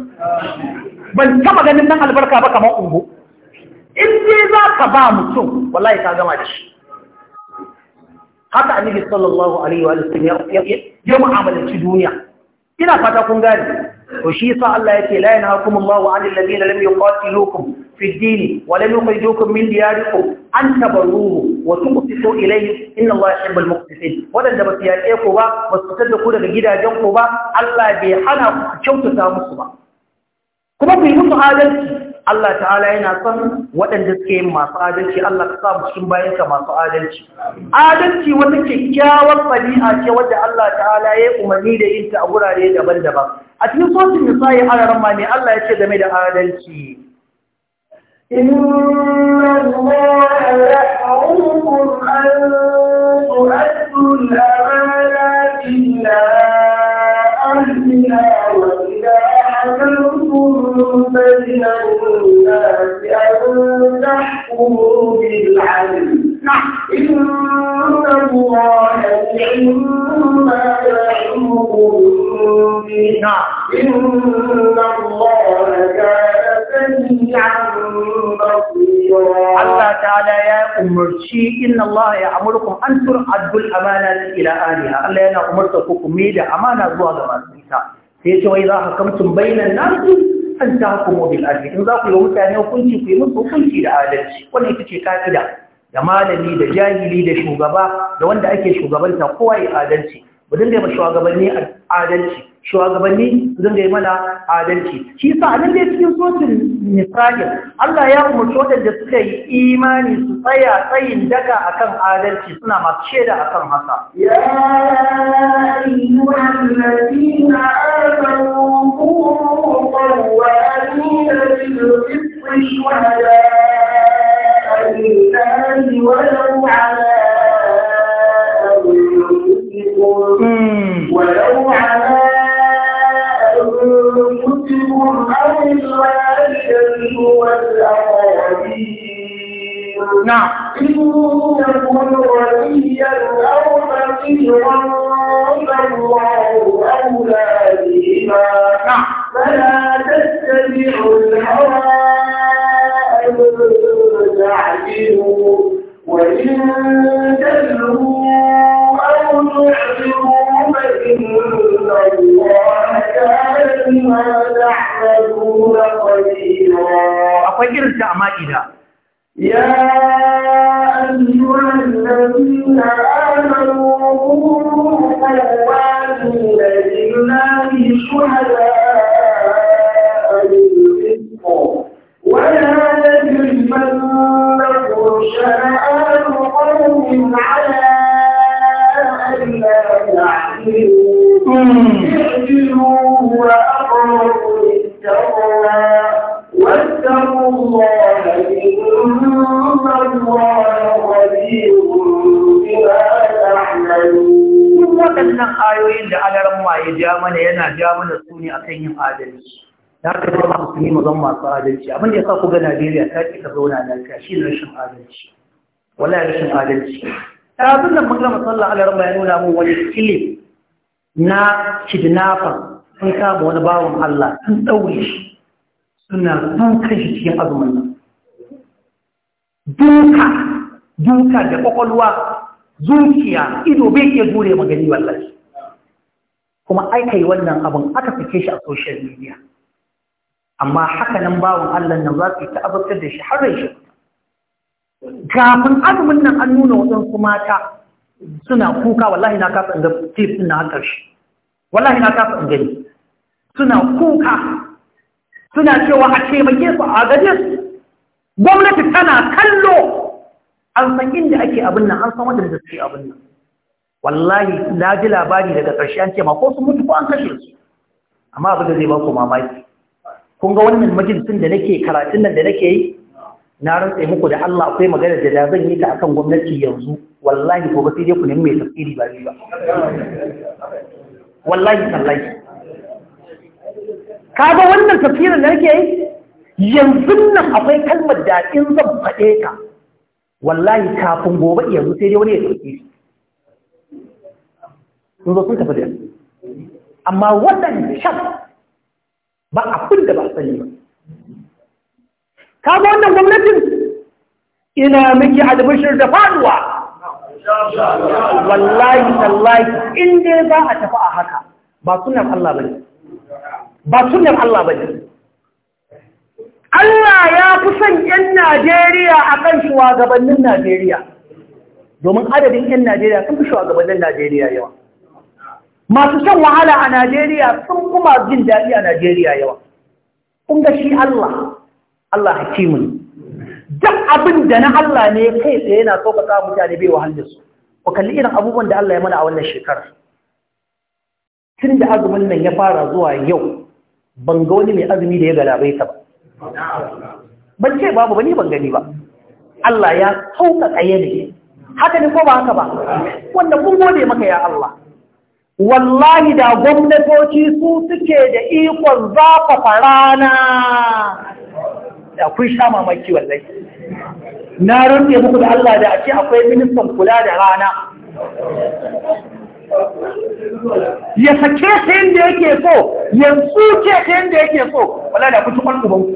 ban taba ganin nan albarka ba kamar ungo in dai za ka ba mutum wallahi ka gama da shi haka annabi sallallahu alaihi wa sallam ya mu'amalanci duniya ina fata kun gane to shi yasa Allah yake la yanhaakumullahu 'anil ladina lam yuqatilukum fid din wa lam yukhrijukum min diyarikum an tabarruhu wa tuqsitu ilayhi inna Allah yuhibbul muqsitin wadanda ba su yaƙe ku ba ba su fitar da ku daga gidajen ku ba Allah bai hana ku kyautata musu ba kuma ku yi musu adalci Allah ta'ala yana son waɗanda suke yin masu adalci Allah ka samu cikin bayanka masu adalci adalci wata kyakkyawar fadi'a ce wadda Allah ta'ala ya umarni da yin a gurare daban-daban a cikin sosin nisa'i alaran ma ne Allah ya ce game da adalci inna allaha ya'murukum an الناس أن تحكموا بالعدل إن الله نعم يعظكم به إن الله كان سميعا Allah ta'ala ya umarci inna Allah ya amurkum an tur'addul amanati ila ahliha Allah yana umarta ku ku da amana zuwa ga masu ita sai ya ce wai za ka kamtum bainan nasu an ta hukumu bil adli in za ku yi mutane hukunci ku yi musu hukunci da adalci wannan ita ce ka'ida da malami da jahili da shugaba da wanda ake shugabanta kowa ya adalci mu dinga ma shugabanni adalci shugabanni su dinga yi mana adalci shi yasa a nan dai cikin sosin misalin Allah ya umarci waɗanda suka yi imani su tsaya tsayin daga akan adalci suna masu shaida akan haka ya ayyuhal ladina amanu الشهداء لله ولو على أنفسكم ولو على أنفسكم أو الوالدين والأقربين نعم إن يكن وليا أو فقيرا فالله أولى بهما نعم فلا تتبعوا الهوى تعدلوا وإن تلهوا أو تعرضوا فإن الله كان بما تعملون قليلا أخوي ارجع إذا يا أيها الذين آمنوا كونوا قوامين لله شهداء بالقسط شنآن قوم على ألا يعدلوا وأقرب للتقوى واتقوا الله إن الله خبير بما تعملون waɗannan ayoyin da alaran ya ja mana yana ja mana su ne akan yin adalci da haka zai ba musulmi mu zama masu adalci abin da ya sa ku ga najeriya ta ki ta zauna lafiya shi rashin adalci Wala rashin adalci ta abin da mun gama sallah ala rabba ya nuna min wani kilif na kidnapper sun kama wani bawan Allah sun ɗaure shi suna sun kai cikin azumin nan duka duka da kwakwalwa zuciya ido bai iya jure magani wallahi kuma aika yi wannan abin aka sake shi a social media amma haka nan bawan Allah nan za su yi ta'abarkar da shi har da shi kafin azumin nan an nuna waɗansu mata suna kuka wallahi na kasa ga tif na hankar shi wallahi na kasa gani suna kuka suna cewa a taimake su a gaje su gwamnati tana kallo an san inda ake abin nan an san wadda da suke abin nan wallahi na ji labari daga ƙarshe an ce ma ko sun mutu ko an kashe su amma abin da zai ba ku mamaki kun ga wannan majalisun da nake karatun nan da nake yi na rantse muku da Allah akwai magana da zan yi ta akan gwamnati yanzu wallahi gobe sai dai ku nemi mai tafsiri ba ba wallahi tallahi kaga wannan tafsirin da nake yi yanzu nan akwai kalmar da in zan faɗe ka wallahi kafin gobe yanzu sai dai wani ya tafsiri sun zo sun tafi da amma waɗancan ba abin da ba sani ba ga wannan gwamnatin ina miki albishir da faduwa wallahi tallahi in dai za a tafi a haka ba sunan Allah bane ba sunan Allah bane Allah ya fi son 'yan Najeriya a kan shugabannin Najeriya, domin adadin 'yan Najeriya sun fi shugabannin Najeriya yawa. masu shan wahala a Najeriya sun kuma jin daɗi a Najeriya yawa kun ga shi Allah Allah hakimin duk abin da na Allah ne kai tsaye yana sauƙaƙa mutane bai wahal da su ku kalli irin abubuwan da Allah ya mana a wannan shekarar tun da azumin nan ya fara zuwa yau ban ga wani mai azumi da ya ta ba ban ce babu ba ni ban gani ba Allah ya sauƙaƙa yanayi haka ne ko ba haka ba wanda kun gode maka ya Allah wallahi da gwamnatoci su suke da ikon zafafa rana da kun sha mamaki wallahi na rantse muku da Allah da ake akwai ministan kula da rana ya sake ta yadda yake so yanzu ke ta yadda yake so wala da kuci kwan uban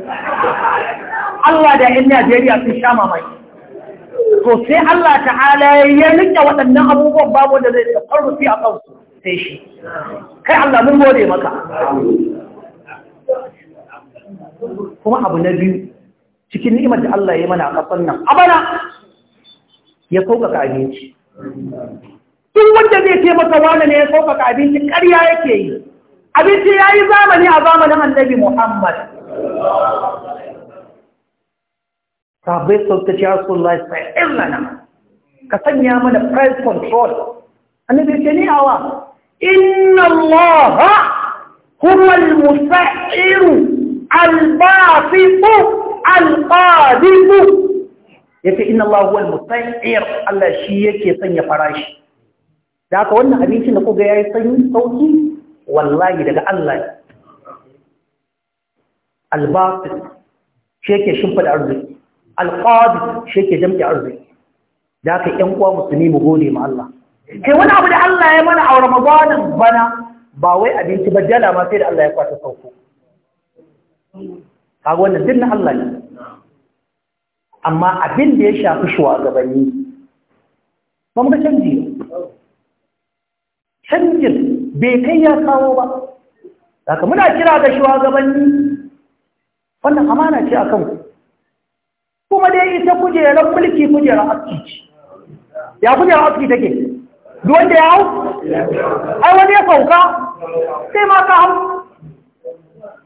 Allah da yan Najeriya sun sha mamaki to sai Allah ta'ala ya nika waɗannan abubuwan babu da zai tsarrufi a kansu sai shi kai Allah mun gode maka kuma abu na biyu cikin ni'imar da Allah ya mana a ƙasar nan a bana ya sauƙaƙa abinci duk wanda zai maka wani ne ya sauƙaƙa abinci ƙarya yake yi abinci ya yi zamani a zamanin annabi Muhammad sabai sauƙaƙi ya sun laifin irlana ka sanya mana price control annabi ce ni awa إن الله هو المسعر الباسط القادم yace inna Allah huwal musta'ir Allah shi yake sanya farashi da haka wannan abincin da kuga yayi sanyi sauki wallahi daga Allah al-basit shi yake shimfida arziki al-qadir shi yake jam'i arziki da haka ƴan uwa musulmi mu gode ma Allah Ke wani abu da Allah ya mana a Ramadanin bana ba wai abinci ba jala ma sai da Allah ya kwata sauko kaga wannan din Allah ne amma abin da ya shafi shugabanni ba mu ga canji canjin bai kai ya kawo ba daga muna kira ga shugabanni wannan amana ce a kan ku kuma dai ita kujerar mulki kujerar aski ya kujerar aski take duk wanda ya hau ai wani ya sauka sai ma ka hau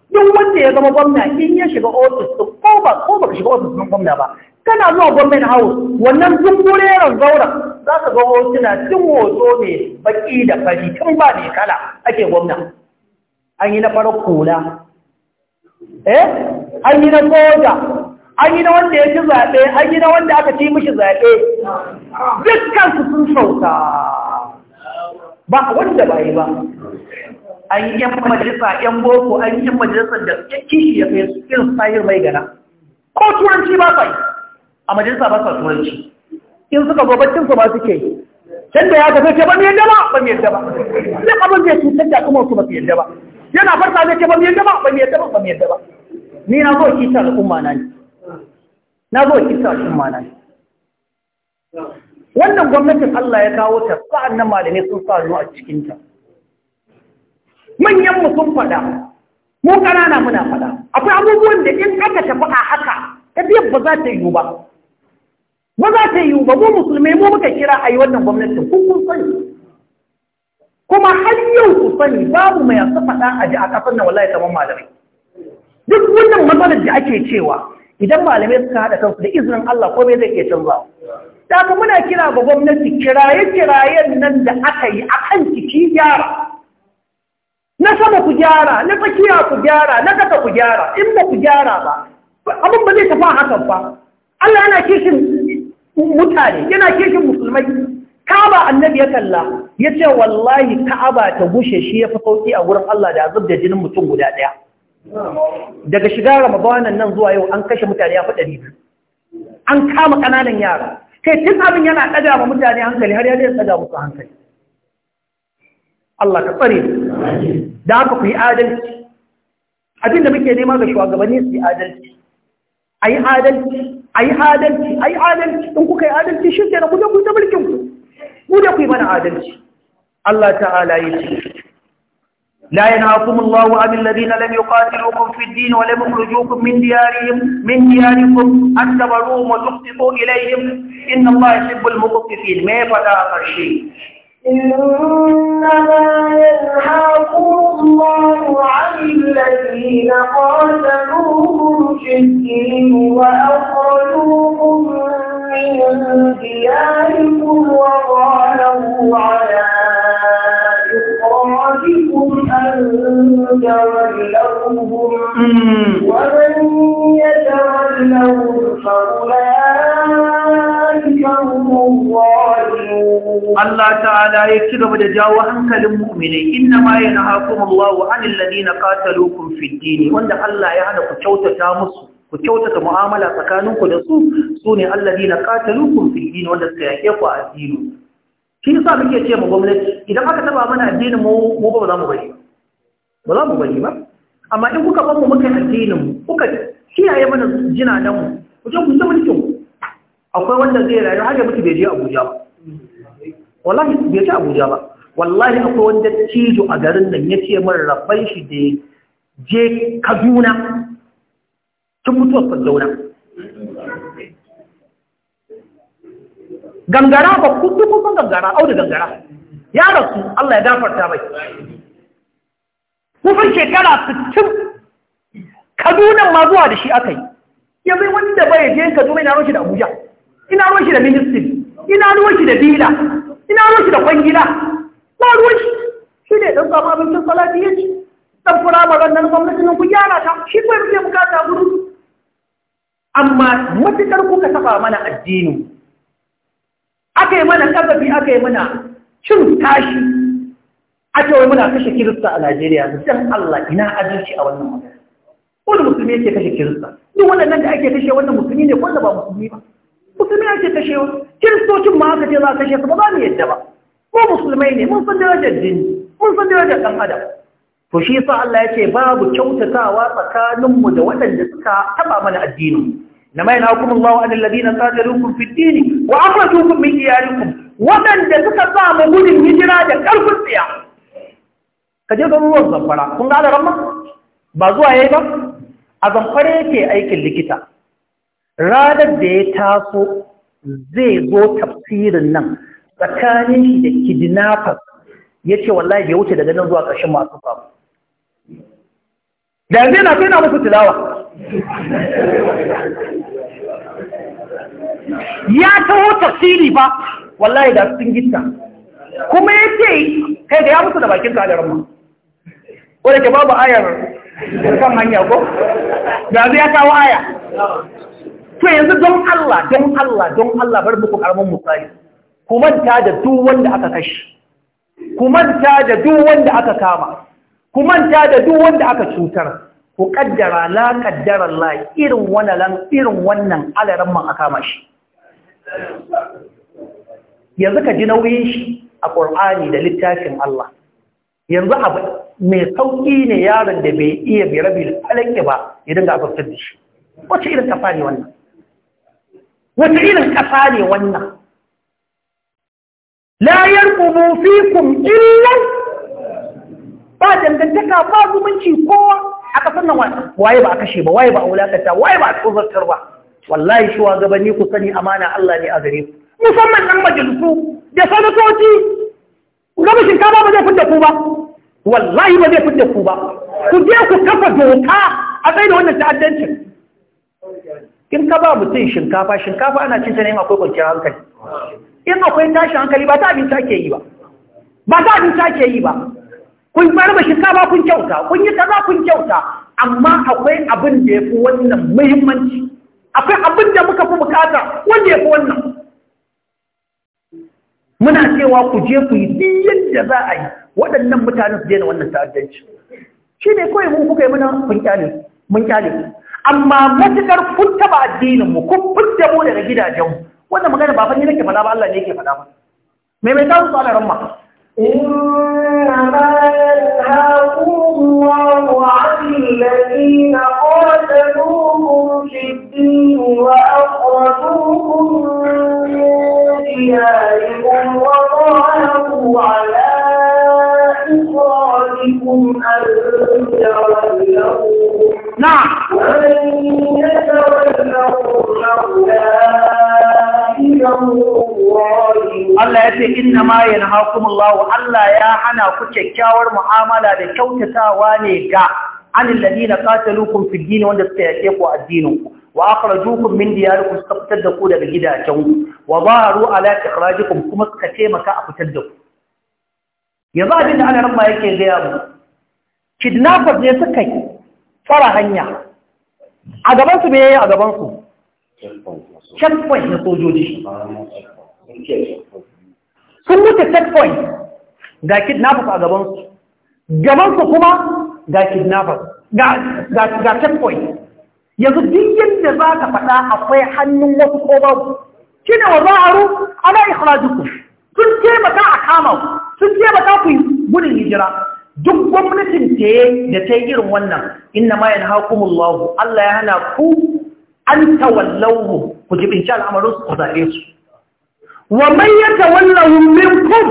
duk wanda ya zama gwamna in ya shiga ofis ko ba ko ba ka shiga ofis ɗin gwamna ba kana zuwa gwamnan hau? wannan dumburerar zauren za ka ga hotuna cin hoto ne baki da fari tun ba ne kala ake gwamna an yi na farar kula eh an yi na soja an yi na wanda ya ci zaɓe an yi na wanda aka ci mishi zaɓe dukkan su sun sauka ba wanda ba yi ba an yi yan majalisa yan boko an yi majalisa da ya kishi ya kai irin sayir mai gana ko turanci ba sai a majalisa ba sa turanci in suka gobacin su ba suke yi can da ya tafi ce ba mu yadda ba ba mu yadda ba duk abin da ya cutar da kuma su ba su yadda ba yana farsa zai ce ba mu yadda ba ba mu yadda ba ba mu yadda ba ni na zo kisa al'umma na ni na zo kisa al'umma na ne wannan gwamnatin Allah ya kawo ta sa'an na malamai sun sa a cikinta manyan sun faɗa mu ƙanana muna faɗa akwai abubuwan da in aka tafi a haka tafiyar ba za ta yiwu ba ba za ta yiwu ba mu musulmai mu muka kira a yi wannan gwamnatin kun kun sani kuma har yau ku sani babu mai yasa fada a ji a ƙasar na wallahi kamar malamai duk wannan matsalar da ake cewa idan malamai suka haɗa kansu da izinin Allah ko zai iya canzawa ga muna kira ga gwamnati kiraye-kirayen nan da aka yi a kan ciki gyara. Na sama ku gyara, na tsakiya ku gyara, na kasa ku gyara, in ba ku gyara ba. Abin ba zai tafi hakan ba. Allah yana kishin mutane, yana kishin musulmai. Ka'aba annabi ya kalla, ya ce wallahi Ka'aba ta gushe shi ya fi sauki a wurin Allah da azab da jinin mutum guda ɗaya. Daga shiga Ramadanan nan zuwa yau an kashe mutane ya fi ɗari An kama ƙananan yara. kai tun abin yana ɗaga ma mutane hankali har yadda ya ɗaga musu hankali Allah ka tsare da haka ku yi adalci abin da muke nema ga shugabanni su yi adalci a yi adalci a yi adalci a yi adalci in kuka yi adalci shi ke na kuje ku ta mulkin ku da ku yi mana adalci Allah ta'ala ya ce لا ينهاكم الله عن الذين لم يقاتلوكم في الدين ولم يخرجوكم من ديارهم من دياركم أن تبروهم وتقسطوا إليهم إن الله يحب المقسطين ما فلا شيء إنما ينهاكم الله عن الذين قاتلوكم في الدين وأخرجوكم من دياركم وظاهروا على Allah ta'ala ya ci gaba da jawo hankalin mu'mini inna ma ya naha kuma Allah wa anil ladina qatalukum fid wanda Allah ya hana ku kyautata musu mu'amala tsakaninku da su sune alladina qatalukum fid din wanda suka yake ku a addini shi yasa muke ce ma gwamnati idan aka taba mana addinin mu mu ba za mu bari ba ba za mu bari ba amma in kuka ban mu muka addinin mu kuka kiyaye mana jinanan mu ku je ku ta mulkin akwai wanda zai rayu har ya mutu bai je Abuja ba wallahi bai je Abuja ba wallahi akwai wanda cijo a garin nan ya ce min rabban shi da je Kaduna tun mutuwar Kaduna gangara ba kudu kun gangara au da gangara ya rasu Allah ya gafarta mai kufin shekara 60 kaduna ma zuwa da shi aka yi wani wanda bai je kaduna ina roshi da abuja ina roshi da ministry ina roshi da bila ina roshi da kwangila ba roshi shi ne dan abin abincin salati ya ci dan firamaren nan gwamnatin ku gyara ta shi ko muka ta gudu amma matukar kuka saba mana addini aka yi mana kasafi aka yi mana cin tashi ake wai muna kashe kirista a Najeriya dan Allah ina adalci a wannan magana wani musulmi yake kashe kirista duk wannan da ake kashe wannan musulmi ne wanda ba musulmi ba musulmi ake kashe kiristocin ma haka ce za a kashe su ba za mu yadda ba mu musulmai ne mun san darajar jini mun san darajar ɗan adam to shi sa Allah ya ce babu kyautatawa tsakaninmu da waɗanda suka taba mana addinin Na nama yana hukumun Allah wa'adin ladina satalukum fi dini wa akhrajukum min diyarikum waɗanda suka sa mu gudun hijira da ƙarfin tsiya ka je ruwan zamfara kun gane ramma ba zuwa yayi ba a zamfara yake aikin likita ranar da ya taso zai zo tafsirin nan tsakanin shi da kidnappers ya ce wallahi bai wuce daga nan zuwa ƙarshen masu samu da yanzu yana kai na musu tilawa ya taho tafsiri ba wallahi da sun gita kuma ya ce kai da ya musu da bakin kagarin ma wadda da ke babu ayar kan hanya ko da zai ya kawo aya to yanzu don Allah don Allah don Allah bar muku karamin misali ku manta da duk wanda aka kashi ku manta da duk wanda aka kama ku manta da duk wanda aka cutar ku kaddara la kaddara la irin wannan irin wannan alaran man aka kama shi yanzu ka ji nauyin shi a Qur'ani da littafin Allah yanzu abu mai sauƙi ne yaron da bai iya bai rabi alaƙi ba ya dinga azabtar da shi wace irin kafa ne wannan wace irin kafa ne wannan la yarqubu fikum illa ba dangantaka ba zumunci kowa a kasar nan waye ba a kashe ba waye ba a wulakanta waye ba a tsofartar ba wallahi shuwa gabani ku sani amana Allah ne a gare ku musamman nan majalisu da sanatoci ku gaba shinkafa ba zai fidda ku ba wallahi ba zai fidda ku ba ku je ku kafa doka a tsaye da wannan ta'addancin in ka ba mutum shinkafa shinkafa ana cin ta ne akwai kwanciyar hankali in akwai tashin hankali ba ta abin ta ke yi ba ba ta abin ta ke yi ba kun barba shinkafa kun kyauta kun yi kaza kun kyauta amma akwai abin da ya fi wannan muhimmanci akwai abin da muka fi bukata wanda ya fi wannan muna cewa ku je ku yi diyan da za a yi waɗannan mutanen su daina wannan ta'addanci shi ne kawai mun kuka yi muna mun kyale mun kyale amma matukar kun taba addinin mu kun fidda mu daga gidajen mu wannan magana ba fanni nake faɗa ba Allah ne yake faɗa ba me mai kawo su alaran ma إنما ينهاكم الله inna ma yanhaakumullahu Allah ya hana ku kyakkyawar mu'amala da kyautatawa ne ga anil ladina qataluukum fi din wanda suka yake ku addinin ku wa akhrajuukum min diyarikum suka fitar da ku daga gidajen ku wa zaharu ala ikhrajikum kuma suka taimaka a fitar da ku yanzu abin da ana rabba yake gaya mu kidnappers ne suka fara hanya a gaban su me yayi a gaban su checkpoint na sojoji sun wuce checkpoint ga kidnappers a gabansu gabansu kuma ga kidnappers ga checkpoint yanzu duk yadda za ka faɗa akwai hannun wasu ko babu shi ne wa za a ru ana duku, sun taimaka a kama sun taimaka ku gudun hijira duk gwamnatin ta yi da ta yi irin wannan inna ma yana hakumullahu Allah ya hana ku an tawallahu ku jibin sha al'amarin su ku zaɓe su wa man yatawallahu minkum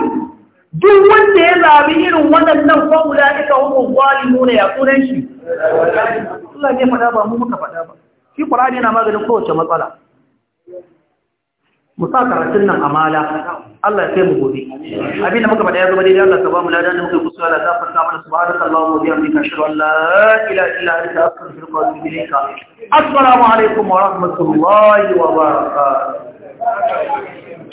duk wanda ya zabi irin waɗannan fa ulaika hum zalimun ya sunan shi Allah ne fada ba mu muka fada ba shi Qur'ani yana maganin kowace matsala mu sa karatun nan amala Allah sai mu gobe abinda muka faɗa ya zama daidai Allah ka ba mu ladan da muka kusa da gafar ka mana subhanaka wa bihamdika ashhadu an la ilaha illa anta astaghfiruka wa atubu ilayka assalamu alaikum wa rahmatullahi wa barakatuh